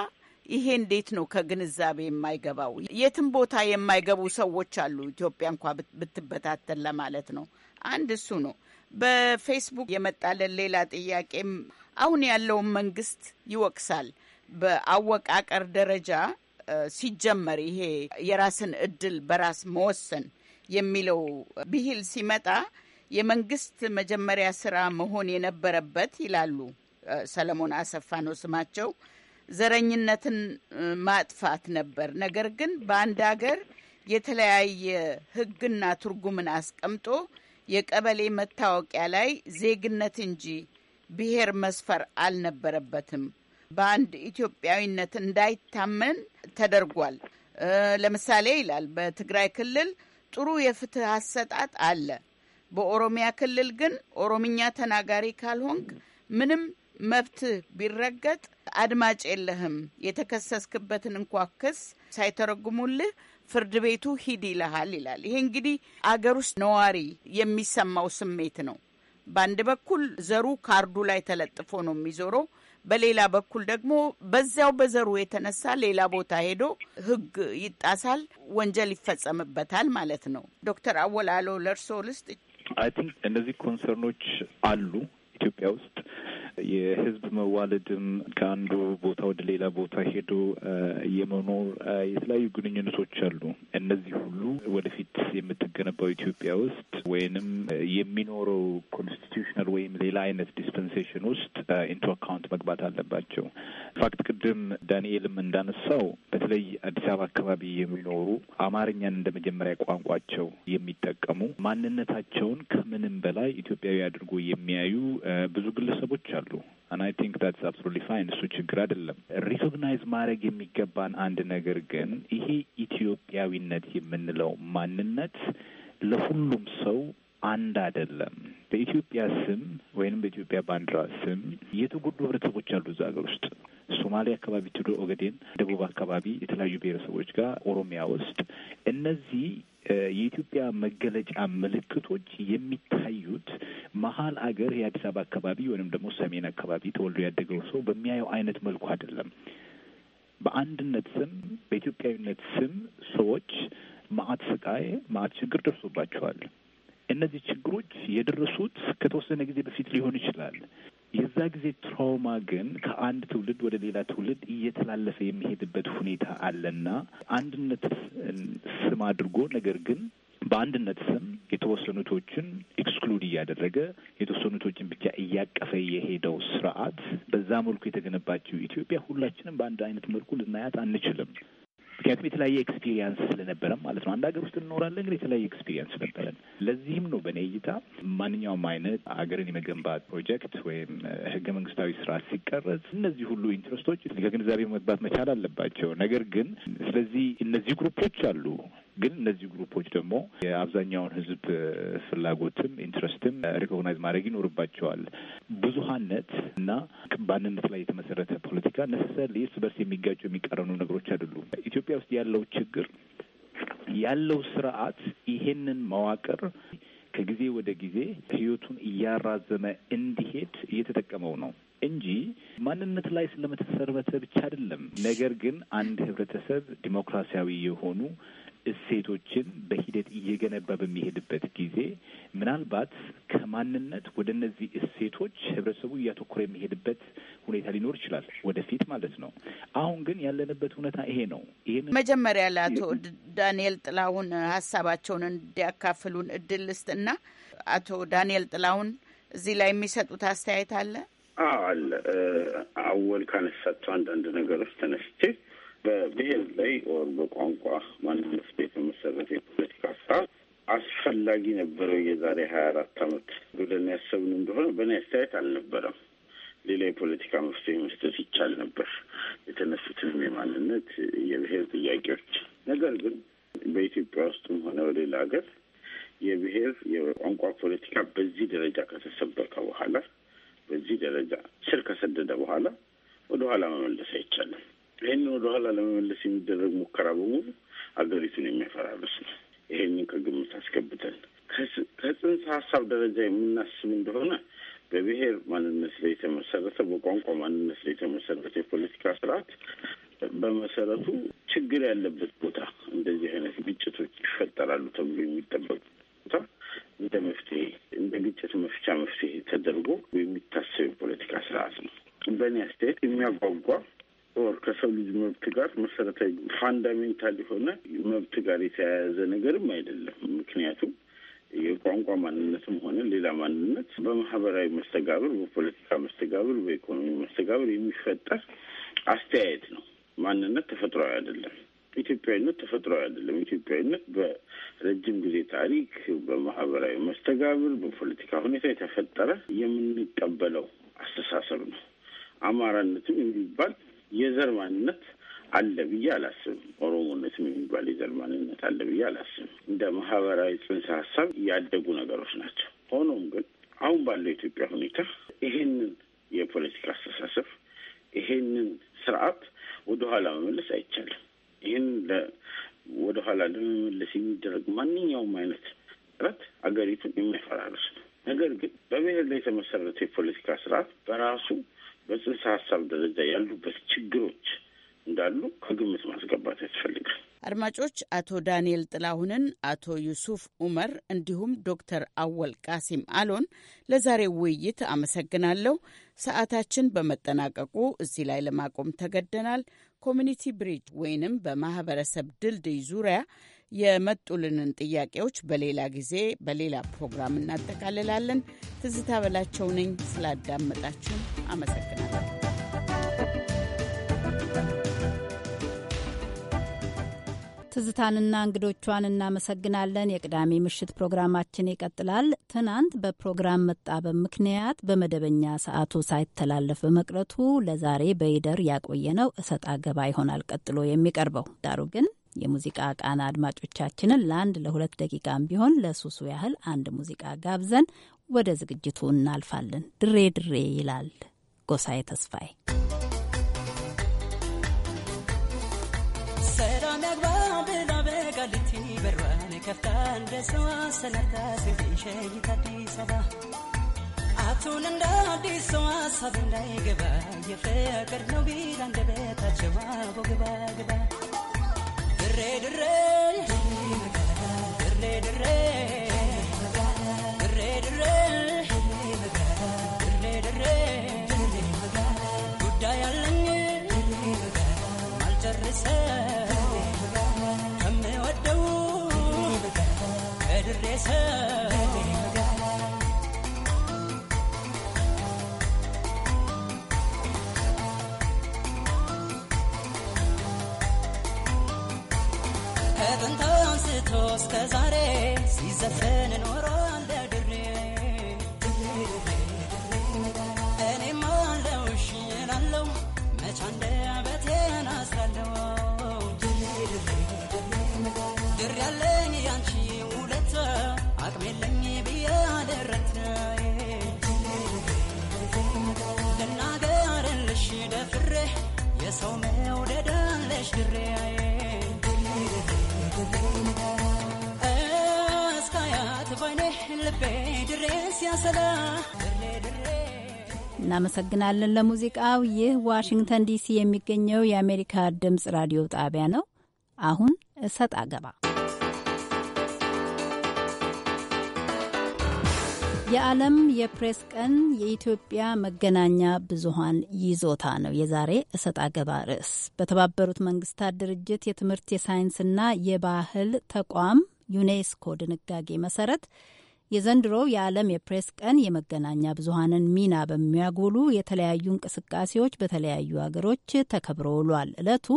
ይሄ እንዴት ነው ከግንዛቤ የማይገባው? የትም ቦታ የማይገቡ ሰዎች አሉ። ኢትዮጵያ እንኳ ብትበታተን ለማለት ነው። አንድ እሱ ነው። በፌስቡክ የመጣለን ሌላ ጥያቄም አሁን ያለውን መንግስት ይወቅሳል። በአወቃቀር ደረጃ ሲጀመር ይሄ የራስን እድል በራስ መወሰን የሚለው ብሂል ሲመጣ የመንግስት መጀመሪያ ስራ መሆን የነበረበት ይላሉ ሰለሞን አሰፋ ነው ስማቸው፣ ዘረኝነትን ማጥፋት ነበር። ነገር ግን በአንድ ሀገር የተለያየ ህግና ትርጉምን አስቀምጦ የቀበሌ መታወቂያ ላይ ዜግነት እንጂ ብሔር መስፈር አልነበረበትም። በአንድ ኢትዮጵያዊነት እንዳይታመን ተደርጓል። ለምሳሌ ይላል በትግራይ ክልል ጥሩ የፍትህ አሰጣጥ አለ። በኦሮሚያ ክልል ግን ኦሮምኛ ተናጋሪ ካልሆንክ ምንም መብት ቢረገጥ አድማጭ የለህም። የተከሰስክበትን እንኳ ክስ ሳይተረጉሙልህ ፍርድ ቤቱ ሂድ ይልሃል ይላል። ይሄ እንግዲህ አገር ውስጥ ነዋሪ የሚሰማው ስሜት ነው። በአንድ በኩል ዘሩ ካርዱ ላይ ተለጥፎ ነው የሚዞረው። በሌላ በኩል ደግሞ በዚያው በዘሩ የተነሳ ሌላ ቦታ ሄዶ ህግ ይጣሳል፣ ወንጀል ይፈጸምበታል ማለት ነው። ዶክተር አወላሎ አሎ ልስጥ። አይ ቲንክ እነዚህ ኮንሰርኖች አሉ ኢትዮጵያ ውስጥ የህዝብ መዋለድም ከአንዱ ቦታ ወደ ሌላ ቦታ ሄዶ የመኖር የተለያዩ ግንኙነቶች አሉ። እነዚህ ሁሉ ወደፊት የምትገነባው ኢትዮጵያ ውስጥ ወይንም የሚኖረው ኮንስቲቱሽናል ወይም ሌላ አይነት ዲስፐንሴሽን ውስጥ ኢንቱ አካውንት መግባት አለባቸው። ፋክት ቅድም ዳንኤልም እንዳነሳው በተለይ አዲስ አበባ አካባቢ የሚኖሩ አማርኛን እንደ መጀመሪያ ቋንቋቸው የሚጠቀሙ ማንነታቸውን ከምንም በላይ ኢትዮጵያዊ አድርጎ የሚያዩ ብዙ ግለሰቦች አሉ አን አይ ቲንክ ዳትስ አብሶሉትሊ ፋይን። እሱ ችግር አይደለም። ሪኮግናይዝ ማድረግ የሚገባን አንድ ነገር ግን ይሄ ኢትዮጵያዊነት የምንለው ማንነት ለሁሉም ሰው አንድ አይደለም። በኢትዮጵያ ስም ወይንም በኢትዮጵያ ባንዲራ ስም የተጎዱ ህብረተሰቦች አሉ እዛ ሀገር ውስጥ ሶማሌ አካባቢ ትዶ ኦገዴን፣ ደቡብ አካባቢ የተለያዩ ብሔረሰቦች ጋር ኦሮሚያ ውስጥ እነዚህ የኢትዮጵያ መገለጫ ምልክቶች የሚታዩት መሀል አገር የአዲስ አበባ አካባቢ ወይንም ደግሞ ሰሜን አካባቢ ተወልዶ ያደገው ሰው በሚያየው አይነት መልኩ አይደለም። በአንድነት ስም በኢትዮጵያዊነት ስም ሰዎች ማአት ስቃይ፣ ማአት ችግር ደርሶባቸዋል። እነዚህ ችግሮች የደረሱት ከተወሰነ ጊዜ በፊት ሊሆን ይችላል። የዛ ጊዜ ትራውማ ግን ከአንድ ትውልድ ወደ ሌላ ትውልድ እየተላለፈ የሚሄድበት ሁኔታ አለና አንድነት ስም አድርጎ ነገር ግን በአንድነት ስም የተወሰኑቶችን ኢንክሉድ እያደረገ የተወሰኑቶችን ብቻ እያቀፈ የሄደው ስርዓት በዛ መልኩ የተገነባችው ኢትዮጵያ ሁላችንም በአንድ አይነት መልኩ ልናያት አንችልም። ምክንያቱም የተለያየ ኤክስፒሪየንስ ስለነበረ ማለት ነው። አንድ ሀገር ውስጥ እንኖራለን፣ ግን የተለያየ ኤክስፒሪየንስ ነበረን። ለዚህም ነው በእኔ እይታ ማንኛውም አይነት አገርን የመገንባት ፕሮጀክት ወይም ህገ መንግስታዊ ስርዓት ሲቀረጽ እነዚህ ሁሉ ኢንትረስቶች ከግንዛቤ መግባት መቻል አለባቸው። ነገር ግን ስለዚህ እነዚህ ግሩፖች አሉ ግን እነዚህ ግሩፖች ደግሞ የአብዛኛውን ህዝብ ፍላጎትም ኢንትረስትም ሪኮግናይዝ ማድረግ ይኖርባቸዋል። ብዙሀነት እና በአንድነት ላይ የተመሰረተ ፖለቲካ ነሰሰር እርስ በርስ የሚጋጩ የሚቃረኑ ነገሮች አይደሉም። ኢትዮጵያ ውስጥ ያለው ችግር ያለው ስርዓት ይሄንን መዋቅር ከጊዜ ወደ ጊዜ ህይወቱን እያራዘመ እንዲሄድ እየተጠቀመው ነው እንጂ ማንነት ላይ ስለመተሰረተ ብቻ አይደለም። ነገር ግን አንድ ህብረተሰብ ዲሞክራሲያዊ የሆኑ ሴቶችን በሂደት እየገነባ በሚሄድበት ጊዜ ምናልባት ከማንነት ወደ እነዚህ እሴቶች ህብረተሰቡ እያተኮረ የሚሄድበት ሁኔታ ሊኖር ይችላል ወደፊት ማለት ነው። አሁን ግን ያለንበት ሁኔታ ይሄ ነው። ይህን መጀመሪያ ለአቶ ዳንኤል ጥላሁን ሀሳባቸውን እንዲያካፍሉን እድል ልስጥና አቶ ዳንኤል ጥላሁን እዚህ ላይ የሚሰጡት አስተያየት አለ? አለ። አወል ካነሳቸው አንዳንድ ነገሮች ተነስቼ በብሔር ላይ ወር በቋንቋ ማንነት ላይ የተመሰረተ የፖለቲካ ስርዓት አስፈላጊ ነበረው የዛሬ ሀያ አራት አመት ብለን ያሰብን እንደሆነ በእኔ አስተያየት አልነበረም። ሌላ የፖለቲካ መፍትሄ መስጠት ይቻል ነበር፣ የተነሱትንም የማንነት የብሔር ጥያቄዎች። ነገር ግን በኢትዮጵያ ውስጥም ሆነ በሌላ ሀገር የብሔር የቋንቋ ፖለቲካ በዚህ ደረጃ ከተሰበከ በኋላ በዚህ ደረጃ ስር ከሰደደ በኋላ ወደኋላ መመለስ አይቻልም። ይህን ወደኋላ ለመመለስ የሚደረግ ሙከራ በሙሉ አገሪቱን የሚያፈራርስ ነው። ይሄንን ከግምት አስገብተን ከጽንሰ ሀሳብ ደረጃ የምናስብ እንደሆነ በብሔር ማንነት ላይ የተመሰረተ በቋንቋ ማንነት ላይ የተመሰረተ የፖለቲካ ስርዓት በመሰረቱ ችግር ያለበት ቦታ እንደዚህ አይነት ግጭቶች ይፈጠራሉ ተብሎ የሚጠበቅ ቦታ እንደ መፍትሄ እንደ ግጭት መፍቻ መፍትሄ ተደርጎ የሚታሰብ የፖለቲካ ስርዓት ነው። በእኔ አስተያየት የሚያጓጓ ኦር ከሰው ልጅ መብት ጋር መሰረታዊ ፋንዳሜንታል የሆነ መብት ጋር የተያያዘ ነገርም አይደለም። ምክንያቱም የቋንቋ ማንነትም ሆነ ሌላ ማንነት በማህበራዊ መስተጋብር፣ በፖለቲካ መስተጋብር፣ በኢኮኖሚ መስተጋብር የሚፈጠር አስተያየት ነው። ማንነት ተፈጥሯዊ አይደለም። ኢትዮጵያዊነት ተፈጥሯዊ አይደለም። ኢትዮጵያዊነት በረጅም ጊዜ ታሪክ፣ በማህበራዊ መስተጋብር፣ በፖለቲካ ሁኔታ የተፈጠረ የምንቀበለው አስተሳሰብ ነው። አማራነትም የሚባል የዘር ማንነት አለ ብዬ አላስብም። ኦሮሞነትም የሚባል የዘር ማንነት አለ ብዬ አላስብም። እንደ ማህበራዊ ጽንሰ ሀሳብ ያደጉ ነገሮች ናቸው። ሆኖም ግን አሁን ባለው የኢትዮጵያ ሁኔታ ይሄንን የፖለቲካ አስተሳሰብ ይሄንን ስርዓት ወደኋላ መመለስ አይቻልም። ይህን ወደኋላ ለመመለስ የሚደረግ ማንኛውም አይነት ጥረት አገሪቱን የሚያፈራርስ ነው። ነገር ግን በብሔር ላይ የተመሰረተ የፖለቲካ ስርዓት በራሱ በጽንሰ ሀሳብ ደረጃ ያሉበት ችግሮች እንዳሉ ከግምት ማስገባት ያስፈልጋል። አድማጮች፣ አቶ ዳንኤል ጥላሁንን፣ አቶ ዩሱፍ ኡመር እንዲሁም ዶክተር አወል ቃሲም አሎን ለዛሬው ውይይት አመሰግናለሁ። ሰዓታችን በመጠናቀቁ እዚህ ላይ ለማቆም ተገደናል። ኮሚኒቲ ብሪጅ ወይንም በማህበረሰብ ድልድይ ዙሪያ የመጡልንን ጥያቄዎች በሌላ ጊዜ በሌላ ፕሮግራም እናጠቃልላለን። ትዝታ በላቸው ነኝ። ስላዳመጣችሁ አመሰግናለሁ። ትዝታንና እንግዶቿን እናመሰግናለን። የቅዳሜ ምሽት ፕሮግራማችን ይቀጥላል። ትናንት በፕሮግራም መጣበብ ምክንያት በመደበኛ ሰዓቱ ሳይተላለፍ በመቅረቱ ለዛሬ በይደር ያቆየነው እሰጥ አገባ ይሆናል ቀጥሎ የሚቀርበው ዳሩ ግን የሙዚቃ ቃና አድማጮቻችንን ለአንድ ለሁለት ደቂቃም ቢሆን ለሱሱ ያህል አንድ ሙዚቃ ጋብዘን ወደ ዝግጅቱ እናልፋለን። ድሬ ድሬ ይላል ጎሳዬ ተስፋዬ። ሰላም ያግባ ብላ በቃልቲ በሯን ከፍታ እንደ ሰዋ ሰነታ ሴቴን ሰባ አቶን እንደ አዲስ ሰዋ ሳብ እንዳይገባ የፍቅር Yes, سفر እናመሰግናለን ለሙዚቃው። ይህ ዋሽንግተን ዲሲ የሚገኘው የአሜሪካ ድምፅ ራዲዮ ጣቢያ ነው። አሁን እሰጥ አገባ የዓለም የፕሬስ ቀን የኢትዮጵያ መገናኛ ብዙሃን ይዞታ ነው። የዛሬ እሰጥ አገባ ርዕስ በተባበሩት መንግስታት ድርጅት የትምህርት የሳይንስና የባህል ተቋም ዩኔስኮ ድንጋጌ መሰረት የዘንድሮው የዓለም የፕሬስ ቀን የመገናኛ ብዙሀንን ሚና በሚያጎሉ የተለያዩ እንቅስቃሴዎች በተለያዩ አገሮች ተከብሮ ውሏል። እለቱ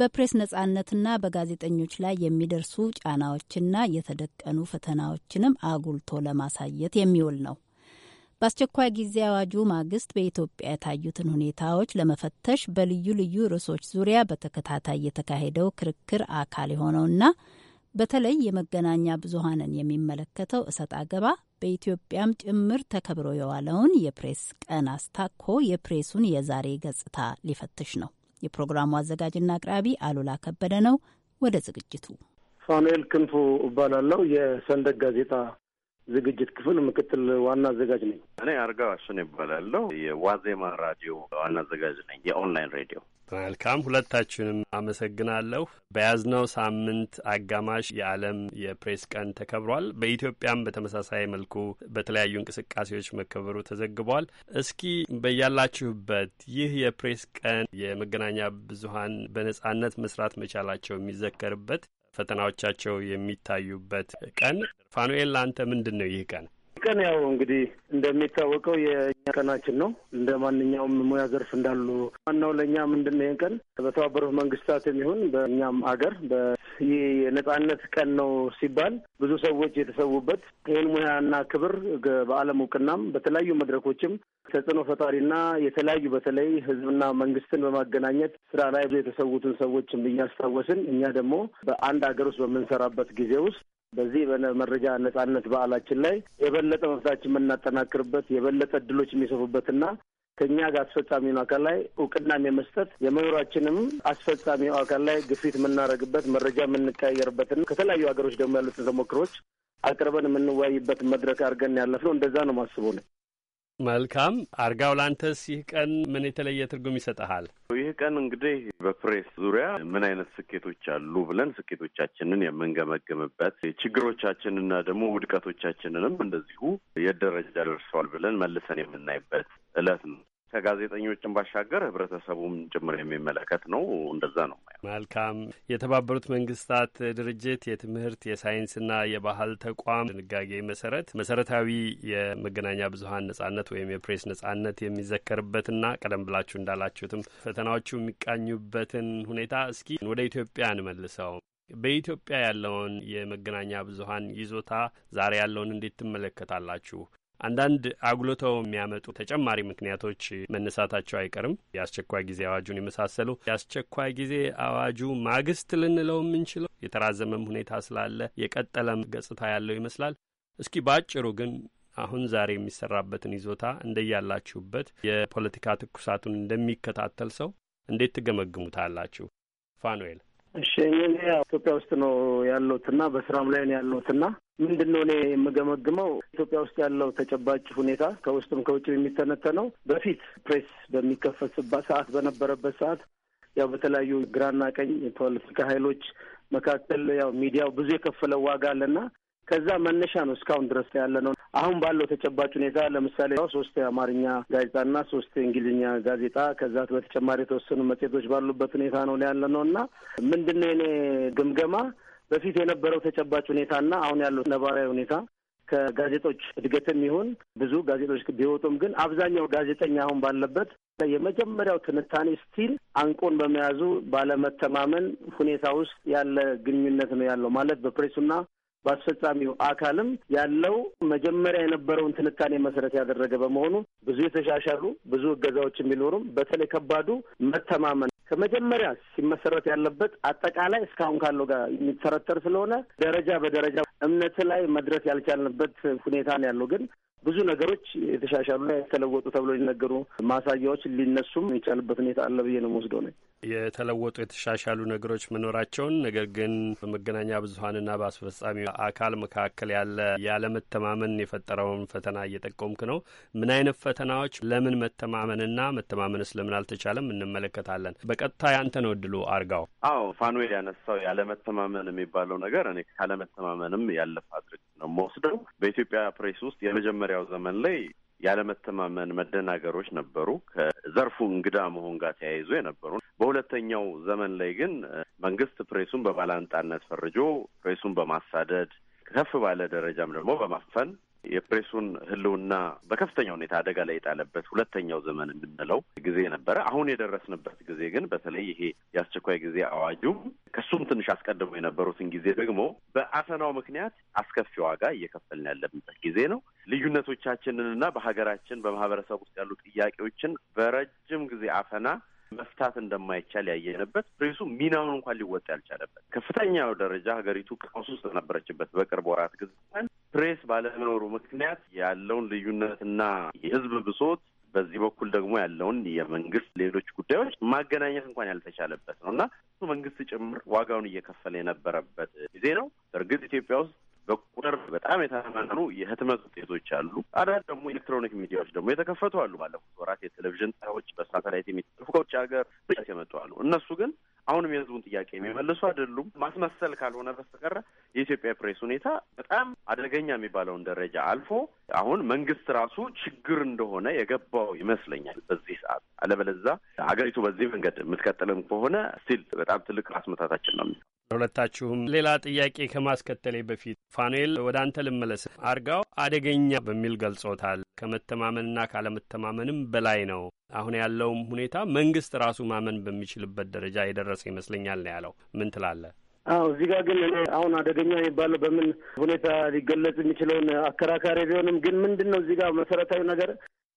በፕሬስ ነጻነትና በጋዜጠኞች ላይ የሚደርሱ ጫናዎችና የተደቀኑ ፈተናዎችንም አጉልቶ ለማሳየት የሚውል ነው። በአስቸኳይ ጊዜ አዋጁ ማግስት በኢትዮጵያ የታዩትን ሁኔታዎች ለመፈተሽ በልዩ ልዩ ርዕሶች ዙሪያ በተከታታይ የተካሄደው ክርክር አካል የሆነውና በተለይ የመገናኛ ብዙሃንን የሚመለከተው እሰጥ አገባ በኢትዮጵያም ጭምር ተከብሮ የዋለውን የፕሬስ ቀን አስታኮ የፕሬሱን የዛሬ ገጽታ ሊፈትሽ ነው። የፕሮግራሙ አዘጋጅና አቅራቢ አሉላ ከበደ ነው። ወደ ዝግጅቱ ፋኑኤል ክንፉ እባላለሁ። የሰንደቅ ጋዜጣ ዝግጅት ክፍል ምክትል ዋና አዘጋጅ ነኝ። እኔ አርጋው አሽን ይባላለሁ። የዋዜማ ራዲዮ ዋና አዘጋጅ ነኝ፣ የኦንላይን ሬዲዮ። መልካም ሁለታችሁንም አመሰግናለሁ። በያዝነው ሳምንት አጋማሽ የዓለም የፕሬስ ቀን ተከብሯል። በኢትዮጵያም በተመሳሳይ መልኩ በተለያዩ እንቅስቃሴዎች መከበሩ ተዘግቧል። እስኪ በያላችሁበት ይህ የፕሬስ ቀን የመገናኛ ብዙኃን በነጻነት መስራት መቻላቸው የሚዘከርበት ፈተናዎቻቸው የሚታዩበት ቀን። ፋኑኤል ለአንተ ምንድን ነው ይህ ቀን? ቀን ያው እንግዲህ እንደሚታወቀው የኛ ቀናችን ነው። እንደ ማንኛውም ሙያ ዘርፍ እንዳሉ ዋናው ለእኛ ምንድን ነው ይህን ቀን በተባበሩት መንግስታት የሚሆን በእኛም አገር ይህ የነጻነት ቀን ነው ሲባል ብዙ ሰዎች የተሰዉበት ይህን ሙያና ክብር በዓለም እውቅናም በተለያዩ መድረኮችም ተጽዕኖ ፈጣሪና የተለያዩ በተለይ ህዝብና መንግስትን በማገናኘት ስራ ላይ የተሰዉትን ሰዎች እያስታወስን እኛ ደግሞ በአንድ ሀገር ውስጥ በምንሰራበት ጊዜ ውስጥ በዚህ መረጃ ነጻነት በዓላችን ላይ የበለጠ መብታችን የምናጠናክርበት የበለጠ እድሎች የሚሰፉበትና ከኛ ጋር አስፈጻሚው አካል ላይ እውቅናም የመስጠት የመኖራችንም አስፈጻሚው አካል ላይ ግፊት የምናደርግበት መረጃ የምንቀያየርበትን ከተለያዩ ሀገሮች ደግሞ ያሉትን ተሞክሮች አቅርበን የምንወያይበት መድረክ አድርገን ያለፍነው እንደዛ ነው ማስቦ ነው። መልካም አርጋው፣ ላንተስ ይህ ቀን ምን የተለየ ትርጉም ይሰጠሃል? ይህ ቀን እንግዲህ በፕሬስ ዙሪያ ምን አይነት ስኬቶች አሉ ብለን ስኬቶቻችንን የምንገመግምበት፣ ችግሮቻችንና ደግሞ ውድቀቶቻችንንም እንደዚሁ የት ደረጃ ደርሰዋል ብለን መልሰን የምናይበት እለት ነው። ከጋዜጠኞችን ባሻገር ህብረተሰቡም ጭምር የሚመለከት ነው። እንደዛ ነው። መልካም። የተባበሩት መንግስታት ድርጅት የትምህርት የሳይንስና የባህል ተቋም ድንጋጌ መሰረት መሰረታዊ የመገናኛ ብዙሀን ነጻነት ወይም የፕሬስ ነጻነት የሚዘከርበትና ቀደም ብላችሁ እንዳላችሁትም ፈተናዎቹ የሚቃኙበትን ሁኔታ እስኪ ወደ ኢትዮጵያ እንመልሰው። በኢትዮጵያ ያለውን የመገናኛ ብዙሀን ይዞታ ዛሬ ያለውን እንዴት ትመለከታላችሁ? አንዳንድ አጉልተው የሚያመጡ ተጨማሪ ምክንያቶች መነሳታቸው አይቀርም። የአስቸኳይ ጊዜ አዋጁን የመሳሰሉ የአስቸኳይ ጊዜ አዋጁ ማግስት ልንለው የምንችለው የተራዘመም ሁኔታ ስላለ የቀጠለም ገጽታ ያለው ይመስላል። እስኪ በአጭሩ ግን አሁን ዛሬ የሚሰራበትን ይዞታ እንደያላችሁበት የፖለቲካ ትኩሳቱን እንደሚከታተል ሰው እንዴት ትገመግሙታላችሁ? ፋኑኤል እሺ እኔ ኢትዮጵያ ውስጥ ነው ያለሁትና በስራም ላይ ነው ያለሁትና ምንድን ነው እኔ የምገመግመው ኢትዮጵያ ውስጥ ያለው ተጨባጭ ሁኔታ ከውስጥም ከውጭ የሚተነተነው በፊት ፕሬስ በሚከፈትባት ሰዓት በነበረበት ሰዓት ያው በተለያዩ ግራና ቀኝ የፖለቲካ ኃይሎች መካከል ያው ሚዲያው ብዙ የከፈለው ዋጋ አለና ከዛ መነሻ ነው እስካሁን ድረስ ያለ ነው። አሁን ባለው ተጨባጭ ሁኔታ ለምሳሌ ሶስት የአማርኛ ጋዜጣና ሶስት የእንግሊዝኛ ጋዜጣ ከዛ በተጨማሪ የተወሰኑ መጽሄቶች ባሉበት ሁኔታ ነው ያለ ነው እና ምንድን ነው የኔ ግምገማ በፊት የነበረው ተጨባጭ ሁኔታና አሁን ያለው ነባራዊ ሁኔታ ከጋዜጦች እድገትም ይሁን ብዙ ጋዜጦች ቢወጡም ግን አብዛኛው ጋዜጠኛ አሁን ባለበት የመጀመሪያው ትንታኔ ስቲል አንቆን በመያዙ ባለመተማመን ሁኔታ ውስጥ ያለ ግንኙነት ነው ያለው ማለት በፕሬሱና በአስፈጻሚው አካልም ያለው መጀመሪያ የነበረውን ትንታኔ መሰረት ያደረገ በመሆኑ ብዙ የተሻሻሉ ብዙ እገዛዎች የሚኖሩም በተለይ ከባዱ መተማመን ከመጀመሪያ ሲመሰረት ያለበት አጠቃላይ እስካሁን ካለው ጋር የሚተረተር ስለሆነ ደረጃ በደረጃ እምነት ላይ መድረስ ያልቻልንበት ሁኔታ ነው ያለው ግን ብዙ ነገሮች የተሻሻሉና የተለወጡ ተብሎ ሊነገሩ ማሳያዎች ሊነሱም የሚቻልበት ሁኔታ አለ ብዬ ነው መወስደው ነኝ። የተለወጡ የተሻሻሉ ነገሮች መኖራቸውን ነገር ግን በመገናኛ ብዙኃንና በአስፈጻሚ አካል መካከል ያለ ያለመተማመን የፈጠረውን ፈተና እየጠቆምክ ነው። ምን አይነት ፈተናዎች፣ ለምን መተማመንና መተማመንስ ለምን አልተቻለም እንመለከታለን። በቀጥታ ያንተ ነው እድሉ አርጋው። አዎ ፋኑኤል ያነሳው ያለመተማመን የሚባለው ነገር እኔ ካለመተማመንም ያለፈ አድርግ ነው መወስደው በኢትዮጵያ ፕሬስ ውስጥ የመጀመሪያው ዘመን ላይ ያለመተማመን፣ መደናገሮች ነበሩ ከዘርፉ እንግዳ መሆን ጋር ተያይዞ የነበሩ። በሁለተኛው ዘመን ላይ ግን መንግስት ፕሬሱን በባላንጣነት ፈርጆ ፕሬሱን በማሳደድ ከፍ ባለ ደረጃም ደግሞ በማፈን የፕሬሱን ህልውና በከፍተኛ ሁኔታ አደጋ ላይ የጣለበት ሁለተኛው ዘመን የምንለው ጊዜ ነበረ። አሁን የደረስንበት ጊዜ ግን በተለይ ይሄ የአስቸኳይ ጊዜ አዋጁም ከሱም ትንሽ አስቀድሞ የነበሩትን ጊዜ ደግሞ በአፈናው ምክንያት አስከፊ ዋጋ እየከፈልን ያለንበት ጊዜ ነው። ልዩነቶቻችንንና በሀገራችን በማህበረሰብ ውስጥ ያሉ ጥያቄዎችን በረጅም ጊዜ አፈና መፍታት እንደማይቻል ያየንበት ፕሬሱ ሚናውን እንኳን ሊወጣ ያልቻለበት ከፍተኛው ደረጃ ሀገሪቱ ቀውስ ውስጥ ነበረችበት። በቅርብ ወራት ግዝን ፕሬስ ባለመኖሩ ምክንያት ያለውን ልዩነትና የህዝብ ብሶት በዚህ በኩል ደግሞ ያለውን የመንግስት ሌሎች ጉዳዮች ማገናኘት እንኳን ያልተቻለበት ነው እና መንግስት ጭምር ዋጋውን እየከፈለ የነበረበት ጊዜ ነው። በእርግጥ ኢትዮጵያ ውስጥ በቁጥር በጣም የተመጠኑ የህትመት ውጤቶች አሉ። አዳር ደግሞ ኤሌክትሮኒክ ሚዲያዎች ደግሞ የተከፈቱ አሉ። ባለፉት ወራት የቴሌቪዥን ጣቢያዎች በሳተላይት የሚጠፉ ከውጭ ሀገር ብቻ የመጡ አሉ። እነሱ ግን አሁንም የህዝቡን ጥያቄ የሚመልሱ አይደሉም። ማስመሰል ካልሆነ በስተቀረ የኢትዮጵያ ፕሬስ ሁኔታ በጣም አደገኛ የሚባለውን ደረጃ አልፎ አሁን መንግስት ራሱ ችግር እንደሆነ የገባው ይመስለኛል በዚህ ሰዓት። አለበለዛ አገሪቱ በዚህ መንገድ የምትቀጥልም ከሆነ ስቲል በጣም ትልቅ ራስ መታታችን ነው። ሁለታችሁም ሌላ ጥያቄ ከማስከተሌ በፊት ፋኑኤል ወደ አንተ ልመለስ። አርጋው አደገኛ በሚል ገልጾታል። ከመተማመንና ካለመተማመንም በላይ ነው አሁን ያለውም ሁኔታ መንግስት ራሱ ማመን በሚችልበት ደረጃ የደረሰ ይመስለኛል ነው ያለው። ምን ትላለህ? አዎ እዚህ ጋር ግን እኔ አሁን አደገኛ የሚባለው በምን ሁኔታ ሊገለጽ የሚችለውን አከራካሪ ቢሆንም ግን ምንድን ነው እዚህ ጋር መሰረታዊ ነገር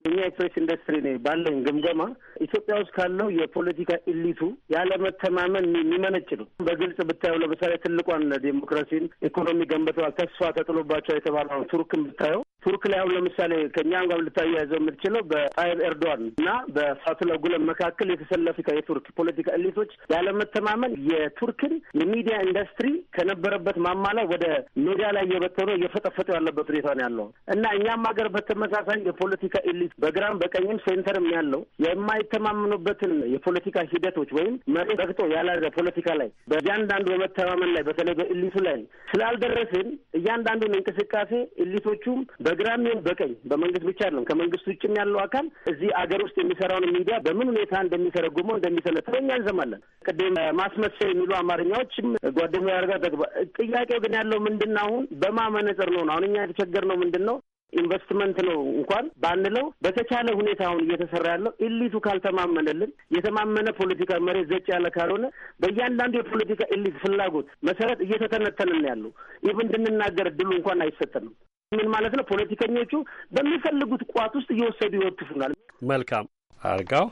እኛ የፕሬስ ኢንዱስትሪ ነ ባለኝ ግምገማ ኢትዮጵያ ውስጥ ካለው የፖለቲካ ኢሊቱ ያለመተማመን የሚመነጭ ነው። በግልጽ ብታየው ለምሳሌ ትልቋን ዴሞክራሲን ኢኮኖሚ ገንብተዋል ተስፋ ተጥሎባቸው የተባለውን ቱርክን ብታየው ቱርክ ላይ አሁን ለምሳሌ ከእኛም ጋር ልታያይዘው የምትችለው በጣይብ ኤርዶዋን እና በፋቱላ ጉለን መካከል የተሰለፉ የቱርክ ፖለቲካ ኤሊቶች ያለመተማመን የቱርክን የሚዲያ ኢንዱስትሪ ከነበረበት ማማ ላይ ወደ ሜዲያ ላይ እየበተኑ እየፈጠፈጡ ያለበት ሁኔታ ነው ያለው እና እኛም ሀገር በተመሳሳይ የፖለቲካ ኤሊት በግራም በቀኝም ሴንተርም ያለው የማይተማመኑበትን የፖለቲካ ሂደቶች ወይም መሬት ረግጦ ያልያዘ ፖለቲካ ላይ በእያንዳንዱ በመተማመን ላይ በተለይ በኤሊቱ ላይ ስላልደረስን እያንዳንዱን እንቅስቃሴ ኤሊቶቹም በ በግራም ይሁን በቀኝ በመንግስት ብቻ አይደለም ከመንግስት ውጭም ያለው አካል እዚህ አገር ውስጥ የሚሰራውን ሚዲያ በምን ሁኔታ እንደሚተረጉመው እንደሚሰለጥነው እኛ እንሰማለን። ቅድም ማስመሰል የሚሉ አማርኛዎችም ጓደኛ ያርጋ ተግባ ጥያቄው ግን ያለው ምንድን ነው? አሁን በማመነጽር ነው አሁን እኛ የተቸገርነው ምንድን ነው? ኢንቨስትመንት ነው እንኳን ባንለው በተቻለ ሁኔታ አሁን እየተሰራ ያለው ኢሊቱ ካልተማመነልን የተማመነ ፖለቲካ መሬት ዘጭ ያለ ካልሆነ በእያንዳንዱ የፖለቲካ ኢሊት ፍላጎት መሰረት እየተተነተንን ያሉ ይህ እንድንናገር እድሉ እንኳን አይሰጠንም። ምን ማለት ነው? ፖለቲከኞቹ በሚፈልጉት ቋት ውስጥ እየወሰዱ ይወትፉናል። መልካም አርጋው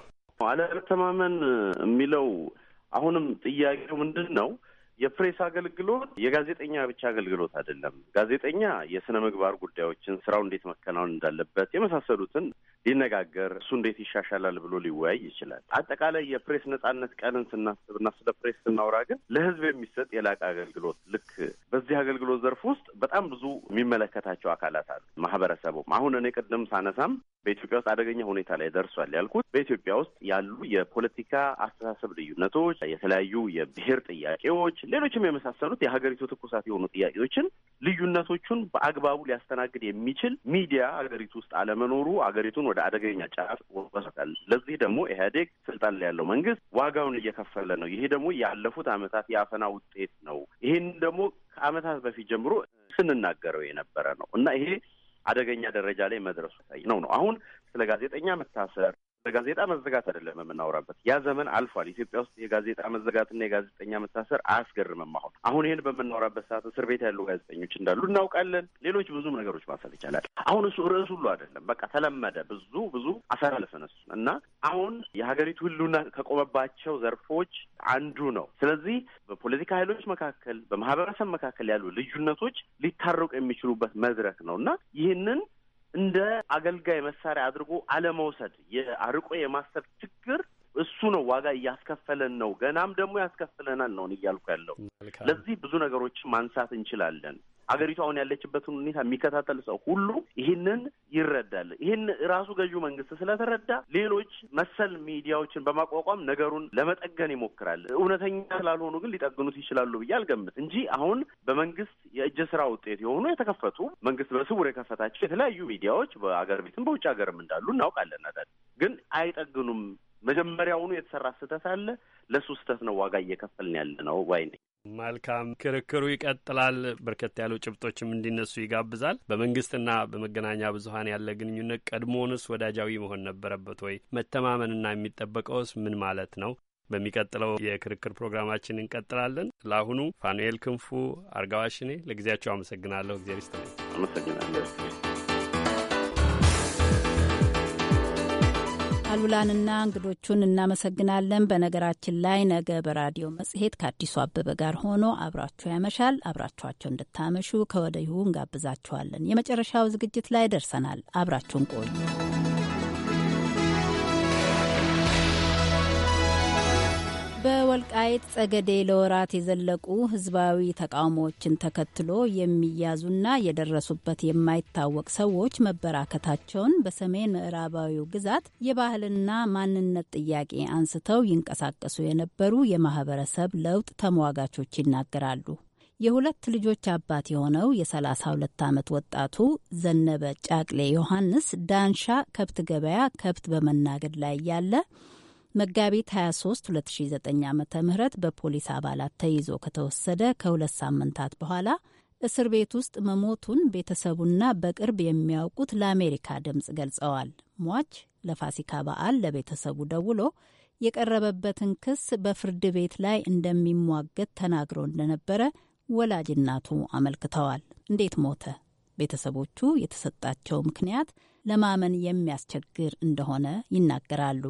አለመተማመን የሚለው አሁንም ጥያቄው ምንድን ነው? የፕሬስ አገልግሎት የጋዜጠኛ ብቻ አገልግሎት አይደለም። ጋዜጠኛ የስነ ምግባር ጉዳዮችን፣ ስራው እንዴት መከናወን እንዳለበት የመሳሰሉትን ሊነጋገር እሱ እንዴት ይሻሻላል ብሎ ሊወያይ ይችላል። አጠቃላይ የፕሬስ ነጻነት ቀንን ስናስብና ስለ ፕሬስ ስናወራ ግን ለህዝብ የሚሰጥ የላቀ አገልግሎት ልክ በዚህ አገልግሎት ዘርፍ ውስጥ በጣም ብዙ የሚመለከታቸው አካላት አሉ። ማህበረሰቡም አሁን እኔ ቅድም ሳነሳም በኢትዮጵያ ውስጥ አደገኛ ሁኔታ ላይ ደርሷል ያልኩት በኢትዮጵያ ውስጥ ያሉ የፖለቲካ አስተሳሰብ ልዩነቶች፣ የተለያዩ የብሔር ጥያቄዎች ሌሎችም የመሳሰሉት የሀገሪቱ ትኩሳት የሆኑ ጥያቄዎችን ልዩነቶቹን በአግባቡ ሊያስተናግድ የሚችል ሚዲያ ሀገሪቱ ውስጥ አለመኖሩ ሀገሪቱን ወደ አደገኛ ጫፍ ወስዷል። ለዚህ ደግሞ ኢህአዴግ ስልጣን ላይ ያለው መንግስት ዋጋውን እየከፈለ ነው። ይሄ ደግሞ ያለፉት አመታት የአፈና ውጤት ነው። ይህን ደግሞ ከአመታት በፊት ጀምሮ ስንናገረው የነበረ ነው እና ይሄ አደገኛ ደረጃ ላይ መድረሱ ነው ነው አሁን ስለ ጋዜጠኛ መታሰር ለጋዜጣ መዘጋት አይደለም የምናወራበት። ያ ዘመን አልፏል። ኢትዮጵያ ውስጥ የጋዜጣ መዘጋትና የጋዜጠኛ መታሰር አያስገርምም። አሁን አሁን ይህን በምናወራበት ሰዓት እስር ቤት ያሉ ጋዜጠኞች እንዳሉ እናውቃለን። ሌሎች ብዙም ነገሮች ማሰብ ይቻላል። አሁን እሱ ርዕስ ሁሉ አይደለም። በቃ ተለመደ። ብዙ ብዙ አሳላለፈን እሱ እና አሁን የሀገሪቱ ህልውና ከቆመባቸው ዘርፎች አንዱ ነው። ስለዚህ በፖለቲካ ኃይሎች መካከል፣ በማህበረሰብ መካከል ያሉ ልዩነቶች ሊታረቁ የሚችሉበት መድረክ ነው እና ይህንን እንደ አገልጋይ መሳሪያ አድርጎ አለመውሰድ የአርቆ የማሰብ ችግር እሱ ነው ዋጋ እያስከፈለን ነው፣ ገናም ደግሞ ያስከፍለናል ነው እያልኩ ያለው። ለዚህ ብዙ ነገሮችን ማንሳት እንችላለን። አገሪቱ አሁን ያለችበትን ሁኔታ የሚከታተል ሰው ሁሉ ይህንን ይረዳል። ይህን ራሱ ገዢው መንግስት ስለተረዳ ሌሎች መሰል ሚዲያዎችን በማቋቋም ነገሩን ለመጠገን ይሞክራል። እውነተኛ ስላልሆኑ ግን ሊጠግኑት ይችላሉ ብዬ አልገምት እንጂ አሁን በመንግስት የእጅ ስራ ውጤት የሆኑ የተከፈቱ መንግስት በስውር የከፈታቸው የተለያዩ ሚዲያዎች በአገር ቤትም በውጭ ሀገርም እንዳሉ እናውቃለን። አዳል ግን አይጠግኑም። መጀመሪያውኑ የተሰራ ስህተት አለ። ለሱ ስህተት ነው ዋጋ እየከፈልን ያለ ነው ባይ ነኝ። መልካም ክርክሩ ይቀጥላል። በርከት ያሉ ጭብጦችም እንዲነሱ ይጋብዛል። በመንግስትና በመገናኛ ብዙኃን ያለ ግንኙነት ቀድሞውንስ ወዳጃዊ መሆን ነበረበት ወይ? መተማመንና የሚጠበቀውስ ምን ማለት ነው? በሚቀጥለው የክርክር ፕሮግራማችን እንቀጥላለን። ለአሁኑ ፋኑኤል ክንፉ አርጋዋሽኔ ለጊዜያቸው አመሰግናለሁ። እግዜር ይስጥልኝ። አመሰግናለሁ። አሉላንና እንግዶቹን እናመሰግናለን። በነገራችን ላይ ነገ በራዲዮ መጽሔት ከአዲሱ አበበ ጋር ሆኖ አብራችሁ ያመሻል። አብራችኋቸው እንድታመሹ ከወዲሁ እንጋብዛችኋለን። የመጨረሻው ዝግጅት ላይ ደርሰናል። አብራችሁን ቆዩ። በወልቃይት ጸገዴ ለወራት የዘለቁ ህዝባዊ ተቃውሞዎችን ተከትሎ የሚያዙና የደረሱበት የማይታወቅ ሰዎች መበራከታቸውን በሰሜን ምዕራባዊው ግዛት የባህልና ማንነት ጥያቄ አንስተው ይንቀሳቀሱ የነበሩ የማህበረሰብ ለውጥ ተሟጋቾች ይናገራሉ። የሁለት ልጆች አባት የሆነው የ32 ዓመት ወጣቱ ዘነበ ጫቅሌ ዮሐንስ ዳንሻ ከብት ገበያ ከብት በመናገድ ላይ ያለ መጋቢት 23 2009 ዓ ም በፖሊስ አባላት ተይዞ ከተወሰደ ከሁለት ሳምንታት በኋላ እስር ቤት ውስጥ መሞቱን ቤተሰቡና በቅርብ የሚያውቁት ለአሜሪካ ድምፅ ገልጸዋል። ሟች ለፋሲካ በዓል ለቤተሰቡ ደውሎ የቀረበበትን ክስ በፍርድ ቤት ላይ እንደሚሟገት ተናግሮ እንደነበረ ወላጅናቱ አመልክተዋል። እንዴት ሞተ? ቤተሰቦቹ የተሰጣቸው ምክንያት ለማመን የሚያስቸግር እንደሆነ ይናገራሉ።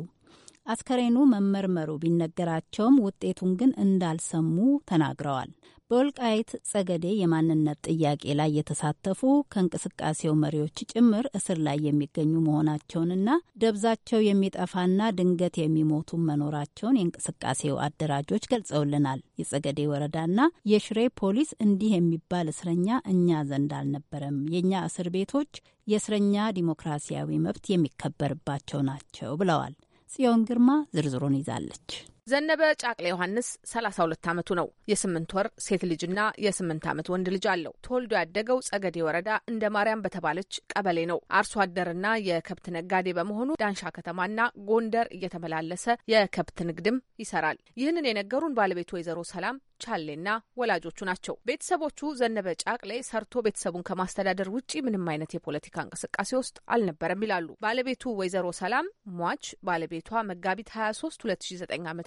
አስከሬኑ መመርመሩ ቢነገራቸውም ውጤቱን ግን እንዳልሰሙ ተናግረዋል። በወልቃይት ጸገዴ የማንነት ጥያቄ ላይ የተሳተፉ ከእንቅስቃሴው መሪዎች ጭምር እስር ላይ የሚገኙ መሆናቸውንና ደብዛቸው የሚጠፋና ድንገት የሚሞቱ መኖራቸውን የእንቅስቃሴው አደራጆች ገልጸውልናል። የጸገዴ ወረዳና የሽሬ ፖሊስ እንዲህ የሚባል እስረኛ እኛ ዘንድ አልነበረም፣ የእኛ እስር ቤቶች የእስረኛ ዲሞክራሲያዊ መብት የሚከበርባቸው ናቸው ብለዋል። ጽዮን ግርማ ዝርዝሩን ይዛለች። ዘነበ ጫቅላ ዮሐንስ 32 ዓመቱ ነው። የስምንት ወር ሴት ልጅና የስምንት ዓመት ወንድ ልጅ አለው። ተወልዶ ያደገው ጸገዴ ወረዳ እንደ ማርያም በተባለች ቀበሌ ነው። አርሶ አደርና የከብት ነጋዴ በመሆኑ ዳንሻ ከተማና ጎንደር እየተመላለሰ የከብት ንግድም ይሰራል። ይህንን የነገሩን ባለቤቱ ወይዘሮ ሰላም ቻሌና ወላጆቹ ናቸው። ቤተሰቦቹ ዘነበ ጫቅሌ ሰርቶ ቤተሰቡን ከማስተዳደር ውጭ ምንም አይነት የፖለቲካ እንቅስቃሴ ውስጥ አልነበረም ይላሉ ባለቤቱ ወይዘሮ ሰላም ሟች ባለቤቷ መጋቢት 23 2009 ዓ.ም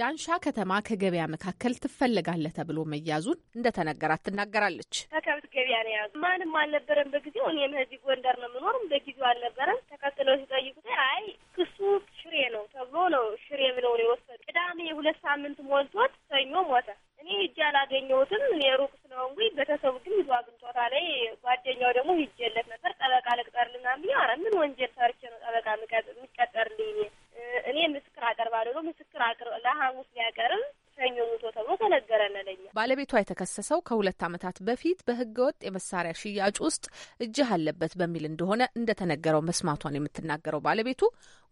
ዳንሻ ከተማ ከገበያ መካከል ትፈለጋለህ ተብሎ መያዙን እንደተነገራት ትናገራለች። ከከብት ገበያ ነው የያዙ። ማንም አልነበረም በጊዜው። እኔም እዚህ ጎንደር ነው የምኖርም፣ በጊዜው አልነበረም። ተከትለው ሲጠይቁት አይ ክሱ ሽሬ ነው ተብሎ ነው ሽሬ ብለው ነው የወሰዱ። ቅዳሜ የሁለት ሳምንት ሞልቶት ሰኞ ሞተ። እኔ እጅ አላገኘሁትም። እኔ ሩቅ ስለሆንኩኝ ቤተሰቡ ግን ይዞ አግኝቶታ ላይ ጓደኛው ደግሞ ሂጄለት ነበር ጠበቃ ልቅጠርልና ብዬ ኧረ ምን ወንጀል ሰርቼ ነው ጠበቃ የሚቀጠርልኝ እኔ ምስክር አቀርባለሁ። ምስክር ለሐሙስ ሊያቀርብ ሰኞ ሙቶ ተብሎ ተነገረን ለኛ። ባለቤቷ የተከሰሰው ከሁለት አመታት በፊት በህገ ወጥ የመሳሪያ ሽያጭ ውስጥ እጅህ አለበት በሚል እንደሆነ እንደተነገረው መስማቷን የምትናገረው ባለቤቱ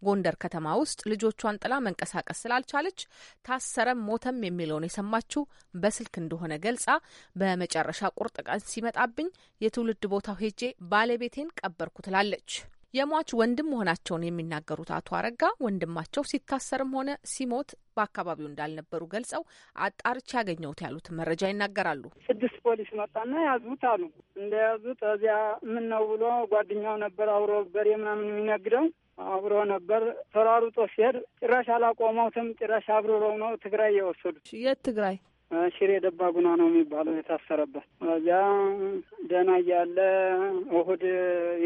ጎንደር ከተማ ውስጥ ልጆቿን ጥላ መንቀሳቀስ ስላልቻለች ታሰረም ሞተም የሚለውን የሰማችው በስልክ እንደሆነ ገልጻ በመጨረሻ ቁርጥ ቀን ሲመጣብኝ የትውልድ ቦታው ሄጄ ባለቤቴን ቀበርኩ ትላለች። የሟች ወንድም መሆናቸውን የሚናገሩት አቶ አረጋ ወንድማቸው ሲታሰርም ሆነ ሲሞት በአካባቢው እንዳልነበሩ ገልጸው አጣርቼ ያገኘሁት ያሉት መረጃ ይናገራሉ። ስድስት ፖሊስ መጣና ያዙት አሉ። እንደያዙት እዚያ ምን ነው ብሎ ጓደኛው ነበር አብሮ በሬ ምናምን የሚነግደው አብሮ ነበር። ተሯሩጦ ሲሄድ ጭራሽ አላቆመውትም። ጭራሽ አብሮረው ነው ትግራይ የወሰዱት። የት ትግራይ ሽሬ ደባ ጉና ነው የሚባለው የታሰረበት። እዚያ ደህና እያለ እሁድ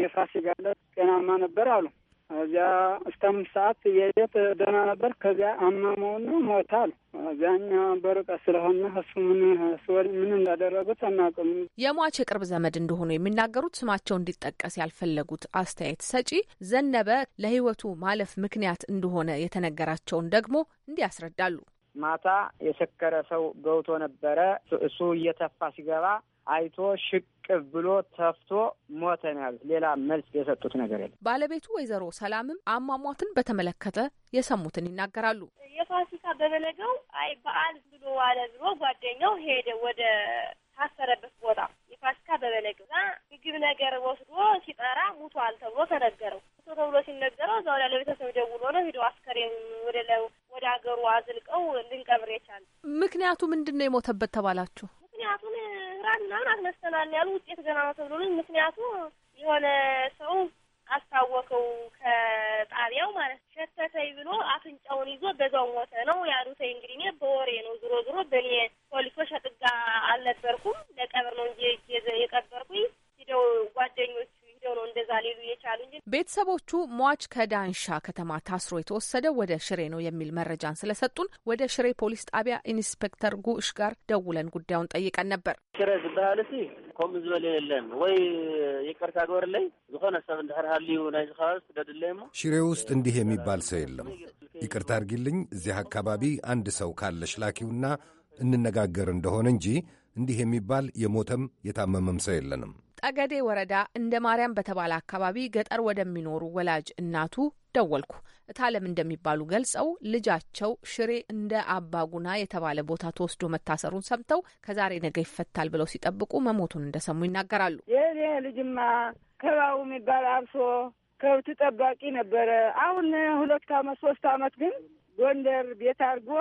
የፋሲካ ዕለት ጤናማ ነበር አሉ። እዚያ እስከ አምስት ሰዓት የየት ደህና ነበር። ከዚያ አመመውና ሞታ አሉ። እዚያኛ በርቀት ስለሆነ እሱ ምን ምን እንዳደረጉት አናውቅም። የሟች የቅርብ ዘመድ እንደሆኑ የሚናገሩት ስማቸው እንዲጠቀስ ያልፈለጉት አስተያየት ሰጪ ዘነበ ለህይወቱ ማለፍ ምክንያት እንደሆነ የተነገራቸውን ደግሞ እንዲህ ያስረዳሉ። ማታ የሰከረ ሰው ገብቶ ነበረ። እሱ እየተፋ ሲገባ አይቶ ሽቅ ብሎ ተፍቶ ሞተ ነው ያሉት። ሌላ መልስ የሰጡት ነገር የለም። ባለቤቱ ወይዘሮ ሰላምም አሟሟትን በተመለከተ የሰሙትን ይናገራሉ። የፋሲካ በበለገው አይ በዓል ብሎ ዋለ ብሎ ጓደኛው ሄደ ወደ ታሰረበት ቦታ የፋሲካ በበነገው ምግብ ነገር ወስዶ ሲጠራ ሙቷል ተብሎ ተነገረው። ተብሎ ሲነገረው እዛው ላይ ለቤተሰብ ደውሎ ነው ሂደው አስከሬን ወደ ወደ ሀገሩ አዝልቀው ልንቀብር የቻለ። ምክንያቱ ምንድን ነው የሞተበት ተባላችሁ? ምክንያቱም ራት ምናምን አስነስተናል ያሉ ውጤት ገና ነው ተብሎ ምክንያቱ የሆነ ሰው አስታወቀው ከጣቢያው ማለት ሸተተኝ ብሎ አፍንጫውን ይዞ በዛው ሞተ ነው ያሉተኝ። እንግዲህ እኔ በወሬ ነው ዞሮ ዞሮ በእኔ ፖሊሶች አጥጋ አልነበርኩም። ለቀብር ነው እንጂ የቀበርኩኝ ሂደው ጓደኞች ናቸው ነው እንደዛ ሊሉ የቻሉ እንጂ ቤተሰቦቹ ሟች ከዳንሻ ከተማ ታስሮ የተወሰደ ወደ ሽሬ ነው የሚል መረጃን ስለሰጡን ወደ ሽሬ ፖሊስ ጣቢያ ኢንስፔክተር ጉሽ ጋር ደውለን ጉዳዩን ጠይቀን ነበር። ሽሬ ዝበሃል ሲ ከምኡ ዝበለ የለን ወይ ይቅርታ ግበርለይ ዝኾነ ሰብ እንድሕር ሃልዩ ናይዚ ከባቢ ስደድለ ሞ ሽሬ ውስጥ እንዲህ የሚባል ሰው የለም። ይቅርታ አድርጊልኝ እዚህ አካባቢ አንድ ሰው ካለሽ ላኪውና እንነጋገር እንደሆነ እንጂ እንዲህ የሚባል የሞተም የታመመም ሰው የለንም። ጠገዴ ወረዳ እንደ ማርያም በተባለ አካባቢ ገጠር ወደሚኖሩ ወላጅ እናቱ ደወልኩ። እታለም እንደሚባሉ ገልጸው ልጃቸው ሽሬ እንደ አባጉና የተባለ ቦታ ተወስዶ መታሰሩን ሰምተው ከዛሬ ነገ ይፈታል ብለው ሲጠብቁ መሞቱን እንደሰሙ ይናገራሉ። የኔ ልጅማ ከባቡ የሚባል አብሶ ከብት ጠባቂ ነበረ። አሁን ሁለት አመት ሶስት አመት ግን ጎንደር ቤት አድርጎ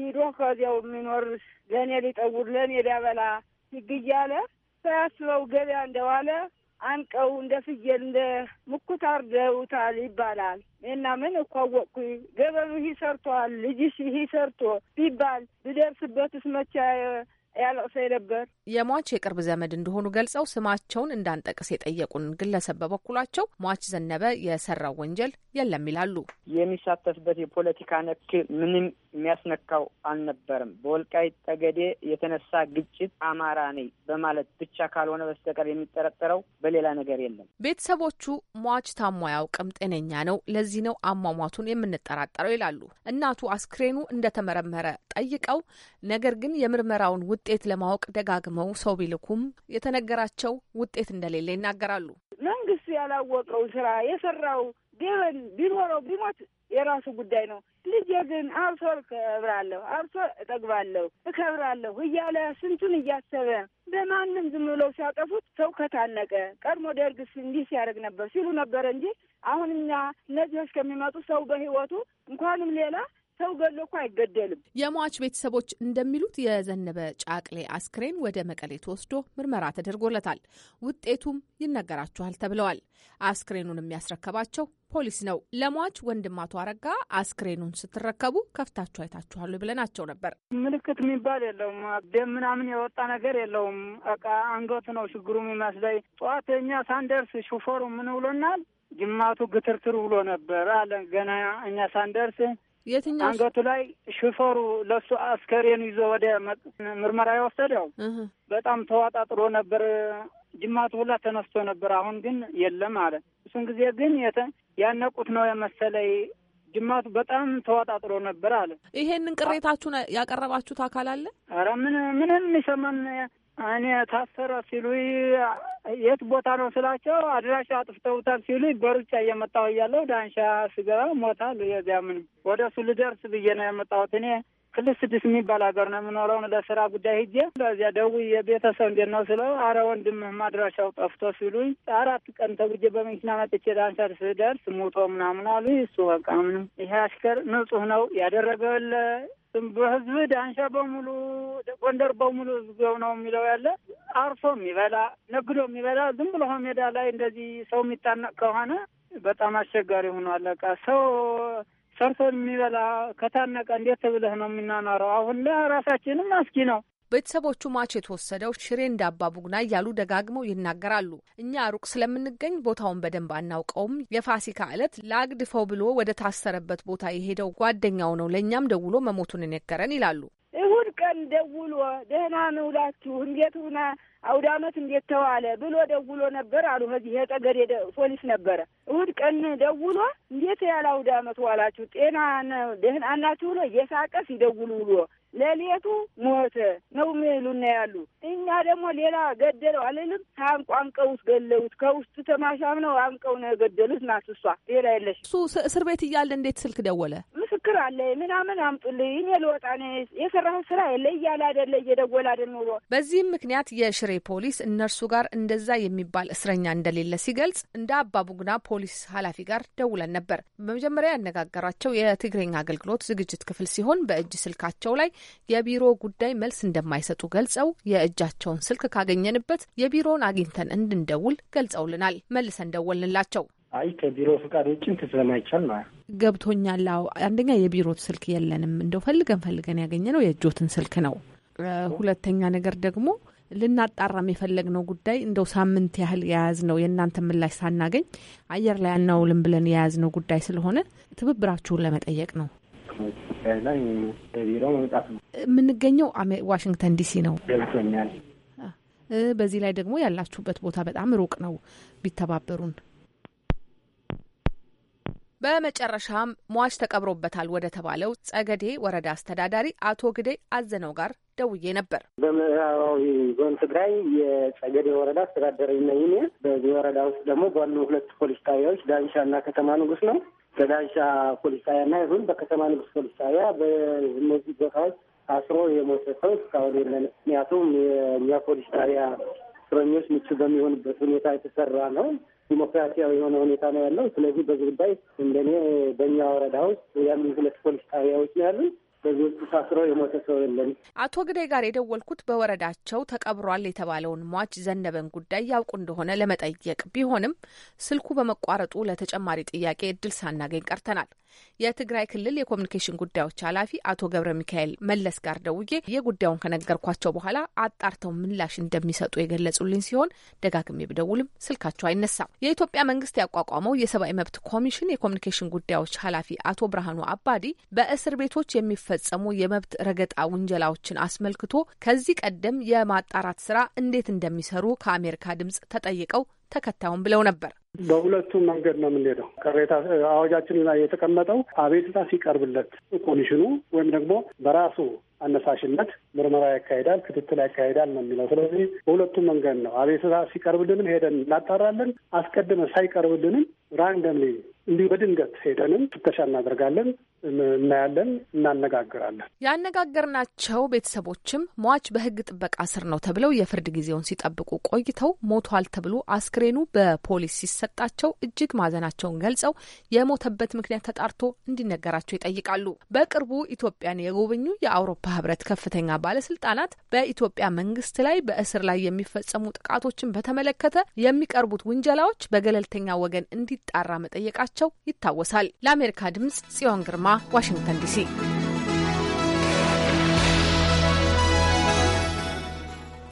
ሂዶ ከዚያው የሚኖር ለእኔ ሊጠውር ለእኔ ሊያበላ ይግያለ ሳያስበው ገበያ እንደዋለ አንቀው እንደ ፍየል እንደ ምኩት አርደውታል ይባላል እና ምን እኳወቅኩ ገበኑ ይህ ሰርቷል ልጅሽ ይህ ሰርቶ ቢባል ብደርስበትስ መቼ ያለቅሰኝ ነበር። የሟች የቅርብ ዘመድ እንደሆኑ ገልጸው ስማቸውን እንዳንጠቅስ የጠየቁን ግለሰብ በበኩላቸው ሟች ዘነበ የሰራው ወንጀል የለም ይላሉ። የሚሳተፍበት የፖለቲካ ነክ ምንም የሚያስነካው አልነበርም። በወልቃይት ጠገዴ የተነሳ ግጭት አማራ ነኝ በማለት ብቻ ካልሆነ በስተቀር የሚጠረጠረው በሌላ ነገር የለም። ቤተሰቦቹ ሟች ታሞ አያውቅም፣ ጤነኛ ነው። ለዚህ ነው አሟሟቱን የምንጠራጠረው ይላሉ። እናቱ አስክሬኑ እንደተመረመረ ጠይቀው ነገር ግን የምርመራውን ውጥ ውጤት ለማወቅ ደጋግመው ሰው ቢልኩም የተነገራቸው ውጤት እንደሌለ ይናገራሉ። መንግስት ያላወቀው ስራ የሰራው ገበን ቢኖረው ቢሞት የራሱ ጉዳይ ነው። ልጄ ግን አርሶ እከብራለሁ፣ አርሶ እጠግባለሁ፣ እከብራለሁ እያለ ስንቱን እያሰበ በማንም ዝም ብለው ሲያጠፉት ሰው ከታነቀ ቀድሞ ደርግስ እንዲህ ሲያደርግ ነበር ሲሉ ነበረ እንጂ አሁን እኛ እነዚህ እስከሚመጡ ሰው በህይወቱ እንኳንም ሌላ ሰው ገሎ እኮ አይገደልም። የሟች ቤተሰቦች እንደሚሉት የዘነበ ጫቅሌ አስክሬን ወደ መቀሌ ተወስዶ ምርመራ ተደርጎለታል። ውጤቱም ይነገራችኋል ተብለዋል። አስክሬኑን የሚያስረከባቸው ፖሊስ ነው። ለሟች ወንድም አቶ አረጋ አስክሬኑን ስትረከቡ ከፍታችሁ አይታችኋሉ ብለናቸው ነበር። ምልክት የሚባል የለውም። ደም ምናምን የወጣ ነገር የለውም። በቃ አንገቱ ነው ችግሩ የሚመስለኝ። ጠዋት እኛ ሳንደርስ ሹፈሩ ምን ብሎናል? ጅማቱ ግትርትር ብሎ ነበር አለ። ገና እኛ ሳንደርስ የትኛው አንገቱ ላይ ሽፈሩ ለሱ አስከሬን ይዞ ወደ ምርመራ የወሰደው በጣም ተዋጣጥሮ ነበር። ጅማቱ ሁላ ተነስቶ ነበር። አሁን ግን የለም አለ። እሱን ጊዜ ግን ያነቁት ነው የመሰለኝ። ጅማቱ በጣም ተዋጣጥሮ ነበር አለ። ይሄንን ቅሬታችሁን ያቀረባችሁት አካል አለ? ኧረ ምን ምንም የሚሰማን እኔ ታሰረ ሲሉ የት ቦታ ነው ስላቸው አድራሻ አጥፍተውታል ሲሉ በሩጫ እየመጣሁ እያለሁ ዳንሻ ስገባ ሞታል። የዚያ ምን ወደ እሱ ልደርስ ብዬ ነው የመጣሁት እኔ ክልል ስድስት የሚባል ሀገር ነው የምኖረው። ለስራ ጉዳይ ሂጄ በዚያ ደውዬ የቤተሰብ እንዴት ነው ስለው፣ አረ ወንድምህ ማድራሻው ጠፍቶ ሲሉኝ አራት ቀን ተጉጄ በመኪና መጥቼ ዳንሻር ስደርስ ሙቶ ምናምን አሉ። እሱ በቃ ምንም ይሄ አሽከር ንጹህ ነው ያደረገለ በህዝብ ዳንሻ በሙሉ ጎንደር በሙሉ ህዝብ ነው የሚለው ያለ አርሶ የሚበላ ነግዶ የሚበላ ዝም ብሎ ሜዳ ላይ እንደዚህ ሰው የሚጣነቅ ከሆነ በጣም አስቸጋሪ ሆኗል። በቃ ሰው ሰርቶ የሚበላ ከታነቀ እንዴት ብለህ ነው የምናኖረው? አሁን ለራሳችንም አስኪ ነው። ቤተሰቦቹ ማች የተወሰደው ሽሬ እንዳባ ቡግና እያሉ ደጋግመው ይናገራሉ። እኛ ሩቅ ስለምንገኝ ቦታውን በደንብ አናውቀውም። የፋሲካ ዕለት ለአግድፈው ብሎ ወደ ታሰረበት ቦታ የሄደው ጓደኛው ነው ለእኛም ደውሎ መሞቱን የነገረን ይላሉ። እሁድ ቀን ደውሎ ደህና ነው እንዴት ሁና አውደ አመት እንዴት ተዋለ ብሎ ደውሎ ነበር አሉ። ከዚህ የጠገዴ ፖሊስ ነበረ። እሁድ ቀን ደውሎ እንዴት ያለ አውደ አመት ዋላችሁ፣ ጤና ደህና ናችሁ ብሎ እየሳቀ ሲደውል ውሎ ለሌቱ ሞተ ነው የሚሉና ያሉ እኛ ደግሞ ሌላ ገደለው አልልም። ታንቋ አንቀውት ገለውት ከውስጥ ተማሻም ነው አንቀው ነው የገደሉት። ናት እሷ ሌላ የለሽ። እሱ እስር ቤት እያለ እንዴት ስልክ ደወለ? ምስክር አለ ምናምን አምጡልኝ፣ እኔ ልወጣ ነው የሰራሁ ስራ የለ እያለ አደለ እየደወለ አይደል ኑሮ። በዚህም ምክንያት የሽሬ ፖሊስ እነርሱ ጋር እንደዛ የሚባል እስረኛ እንደሌለ ሲገልጽ እንደ አባቡግና ፖሊስ ኃላፊ ጋር ደውለን ነበር። በመጀመሪያ ያነጋገራቸው የትግረኛ አገልግሎት ዝግጅት ክፍል ሲሆን በእጅ ስልካቸው ላይ የቢሮ ጉዳይ መልስ እንደማይሰጡ ገልጸው የእጃቸውን ስልክ ካገኘንበት የቢሮውን አግኝተን እንድንደውል ገልጸውልናል። መልሰን ደወልንላቸው። አይ ከቢሮ ፍቃድ ውጭም ስለማይቻል ነው። ገብቶኛል። አንደኛ የቢሮ ስልክ የለንም፣ እንደው ፈልገን ፈልገን ያገኘነው የእጆትን ስልክ ነው። ሁለተኛ ነገር ደግሞ ልናጣራም የፈለግነው ጉዳይ እንደው ሳምንት ያህል የያዝነው የእናንተ ምላሽ ሳናገኝ አየር ላይ ያናውልም ብለን የያዝነው ጉዳይ ስለሆነ ትብብራችሁን ለመጠየቅ ነው። ነው ላይ በቢሮ መምጣት ነው። የምንገኘው ዋሽንግተን ዲሲ ነው ገብቶኛል። በዚህ ላይ ደግሞ ያላችሁበት ቦታ በጣም ሩቅ ነው ቢተባበሩን። በመጨረሻም ሟች ተቀብሮበታል ወደ ተባለው ጸገዴ ወረዳ አስተዳዳሪ አቶ ግዴ አዘነው ጋር ደውዬ ነበር። በምዕራባዊ ዞን ትግራይ የጸገዴ ወረዳ አስተዳዳሪ ነኝ በዚህ ወረዳ ውስጥ ደግሞ ባሉ ሁለት ፖሊስ ጣቢያዎች ዳንሻ እና ከተማ ንጉስ ነው። በዳንሻ ፖሊስ ጣቢያና ይሁን በከተማ ንጉስ ፖሊስ ጣቢያ በእነዚህ ቦታዎች አስሮ የሞተ ሰው እስካሁን የለን። ምክንያቱም የእኛ ፖሊስ ጣቢያ እስረኞች ምቹ በሚሆንበት ሁኔታ የተሰራ ነው። ዲሞክራሲያዊ የሆነ ሁኔታ ነው ያለው። ስለዚህ በዚህ ጉዳይ እንደኔ በእኛ ወረዳ ውስጥ ያሉ ሁለት ፖሊስ ጣቢያዎች ነው ያሉን። በዚህ ታስሮ የሞተ ሰው የለም። አቶ ግዴ ጋር የደወልኩት በወረዳቸው ተቀብሯል የተባለውን ሟች ዘነበን ጉዳይ ያውቁ እንደሆነ ለመጠየቅ ቢሆንም ስልኩ በመቋረጡ ለተጨማሪ ጥያቄ እድል ሳናገኝ ቀርተናል። የትግራይ ክልል የኮሚኒኬሽን ጉዳዮች ኃላፊ አቶ ገብረ ሚካኤል መለስ ጋር ደውዬ የጉዳዩን ከነገርኳቸው በኋላ አጣርተው ምላሽ እንደሚሰጡ የገለጹልኝ ሲሆን ደጋግሜ ብደውልም ስልካቸው አይነሳም። የኢትዮጵያ መንግስት ያቋቋመው የሰብአዊ መብት ኮሚሽን የኮሚኒኬሽን ጉዳዮች ኃላፊ አቶ ብርሃኑ አባዲ በእስር ቤቶች የሚፈጸሙ የመብት ረገጣ ውንጀላዎችን አስመልክቶ ከዚህ ቀደም የማጣራት ስራ እንዴት እንደሚሰሩ ከአሜሪካ ድምጽ ተጠይቀው ተከታዩን ብለው ነበር። በሁለቱም መንገድ ነው የምንሄደው። ቅሬታ አዋጃችን ላይ የተቀመጠው አቤቱታ ሲቀርብለት ኮሚሽኑ ወይም ደግሞ በራሱ አነሳሽነት ምርመራ ያካሄዳል፣ ክትትል ያካሄዳል ነው የሚለው። ስለዚህ በሁለቱም መንገድ ነው። አቤቱታ ሲቀርብልንም ሄደን እናጣራለን። አስቀድመ ሳይቀርብልንም ራንደምሊ እንዲሁ በድንገት ሄደንም ፍተሻ እናደርጋለን። እናያለን፣ እናነጋግራለን። ያነጋገርናቸው ቤተሰቦችም ሟች በህግ ጥበቃ ስር ነው ተብለው የፍርድ ጊዜውን ሲጠብቁ ቆይተው ሞቷል ተብሎ አስክሬኑ በፖሊስ ሲሰጣቸው እጅግ ማዘናቸውን ገልጸው የሞተበት ምክንያት ተጣርቶ እንዲነገራቸው ይጠይቃሉ። በቅርቡ ኢትዮጵያን የጎበኙ የአውሮፓ ህብረት ከፍተኛ ባለስልጣናት በኢትዮጵያ መንግስት ላይ በእስር ላይ የሚፈጸሙ ጥቃቶችን በተመለከተ የሚቀርቡት ውንጀላዎች በገለልተኛ ወገን እንዲጣራ መጠየቃቸው ይታወሳል። ለአሜሪካ ድምጽ ጽዮን ግርማ ዋሽንግተን ዲሲ።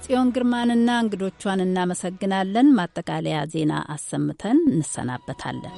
ጽዮን ግርማንና እንግዶቿን እናመሰግናለን። ማጠቃለያ ዜና አሰምተን እንሰናበታለን።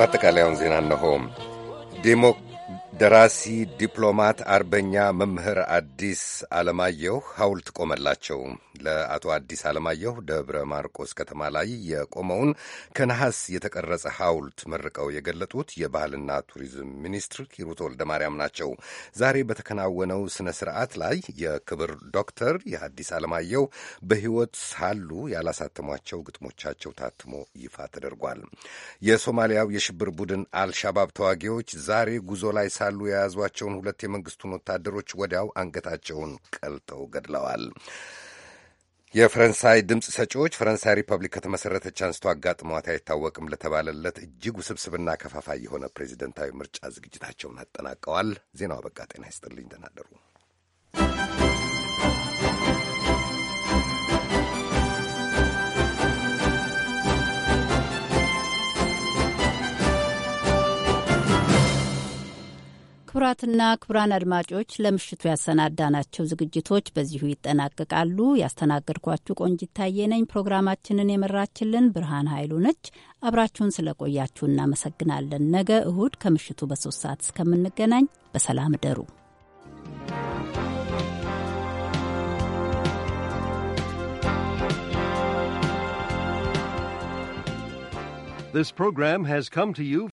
ማጠቃለያውን ዜና እነሆ። ዴሞ ደራሲ፣ ዲፕሎማት፣ አርበኛ መምህር አዲስ አለማየሁ ሐውልት ቆመላቸው። ለአቶ አዲስ አለማየሁ ደብረ ማርቆስ ከተማ ላይ የቆመውን ከነሐስ የተቀረጸ ሐውልት መርቀው የገለጡት የባህልና ቱሪዝም ሚኒስትር ኪሩት ወልደ ማርያም ናቸው። ዛሬ በተከናወነው ስነ ስርዓት ላይ የክብር ዶክተር የአዲስ አለማየሁ በሕይወት ሳሉ ያላሳተሟቸው ግጥሞቻቸው ታትሞ ይፋ ተደርጓል። የሶማሊያው የሽብር ቡድን አልሻባብ ተዋጊዎች ዛሬ ጉዞ ላይ ሳሉ የያዟቸውን ሁለት የመንግስቱን ወታደሮች ወዲያው አንገታቸውን ቀልተው ገድለዋል። የፈረንሳይ ድምፅ ሰጪዎች ፈረንሳይ ሪፐብሊክ ከተመሠረተች አንስቶ አጋጥሟት አይታወቅም ለተባለለት እጅግ ውስብስብና ከፋፋይ የሆነ ፕሬዚደንታዊ ምርጫ ዝግጅታቸውን አጠናቀዋል። ዜናው አበቃ። ጤና ይስጥልኝ። ተናደሩ ክቡራትና ክቡራን አድማጮች ለምሽቱ ያሰናዳናቸው ዝግጅቶች በዚሁ ይጠናቀቃሉ። ያስተናገድኳችሁ ቆንጂት ታዬ ነኝ። ፕሮግራማችንን የመራችልን ብርሃን ኃይሉ ነች። አብራችሁን ስለቆያችሁ እናመሰግናለን። ነገ እሁድ ከምሽቱ በሶስት ሰዓት እስከምንገናኝ በሰላም እደሩ። This program has come to you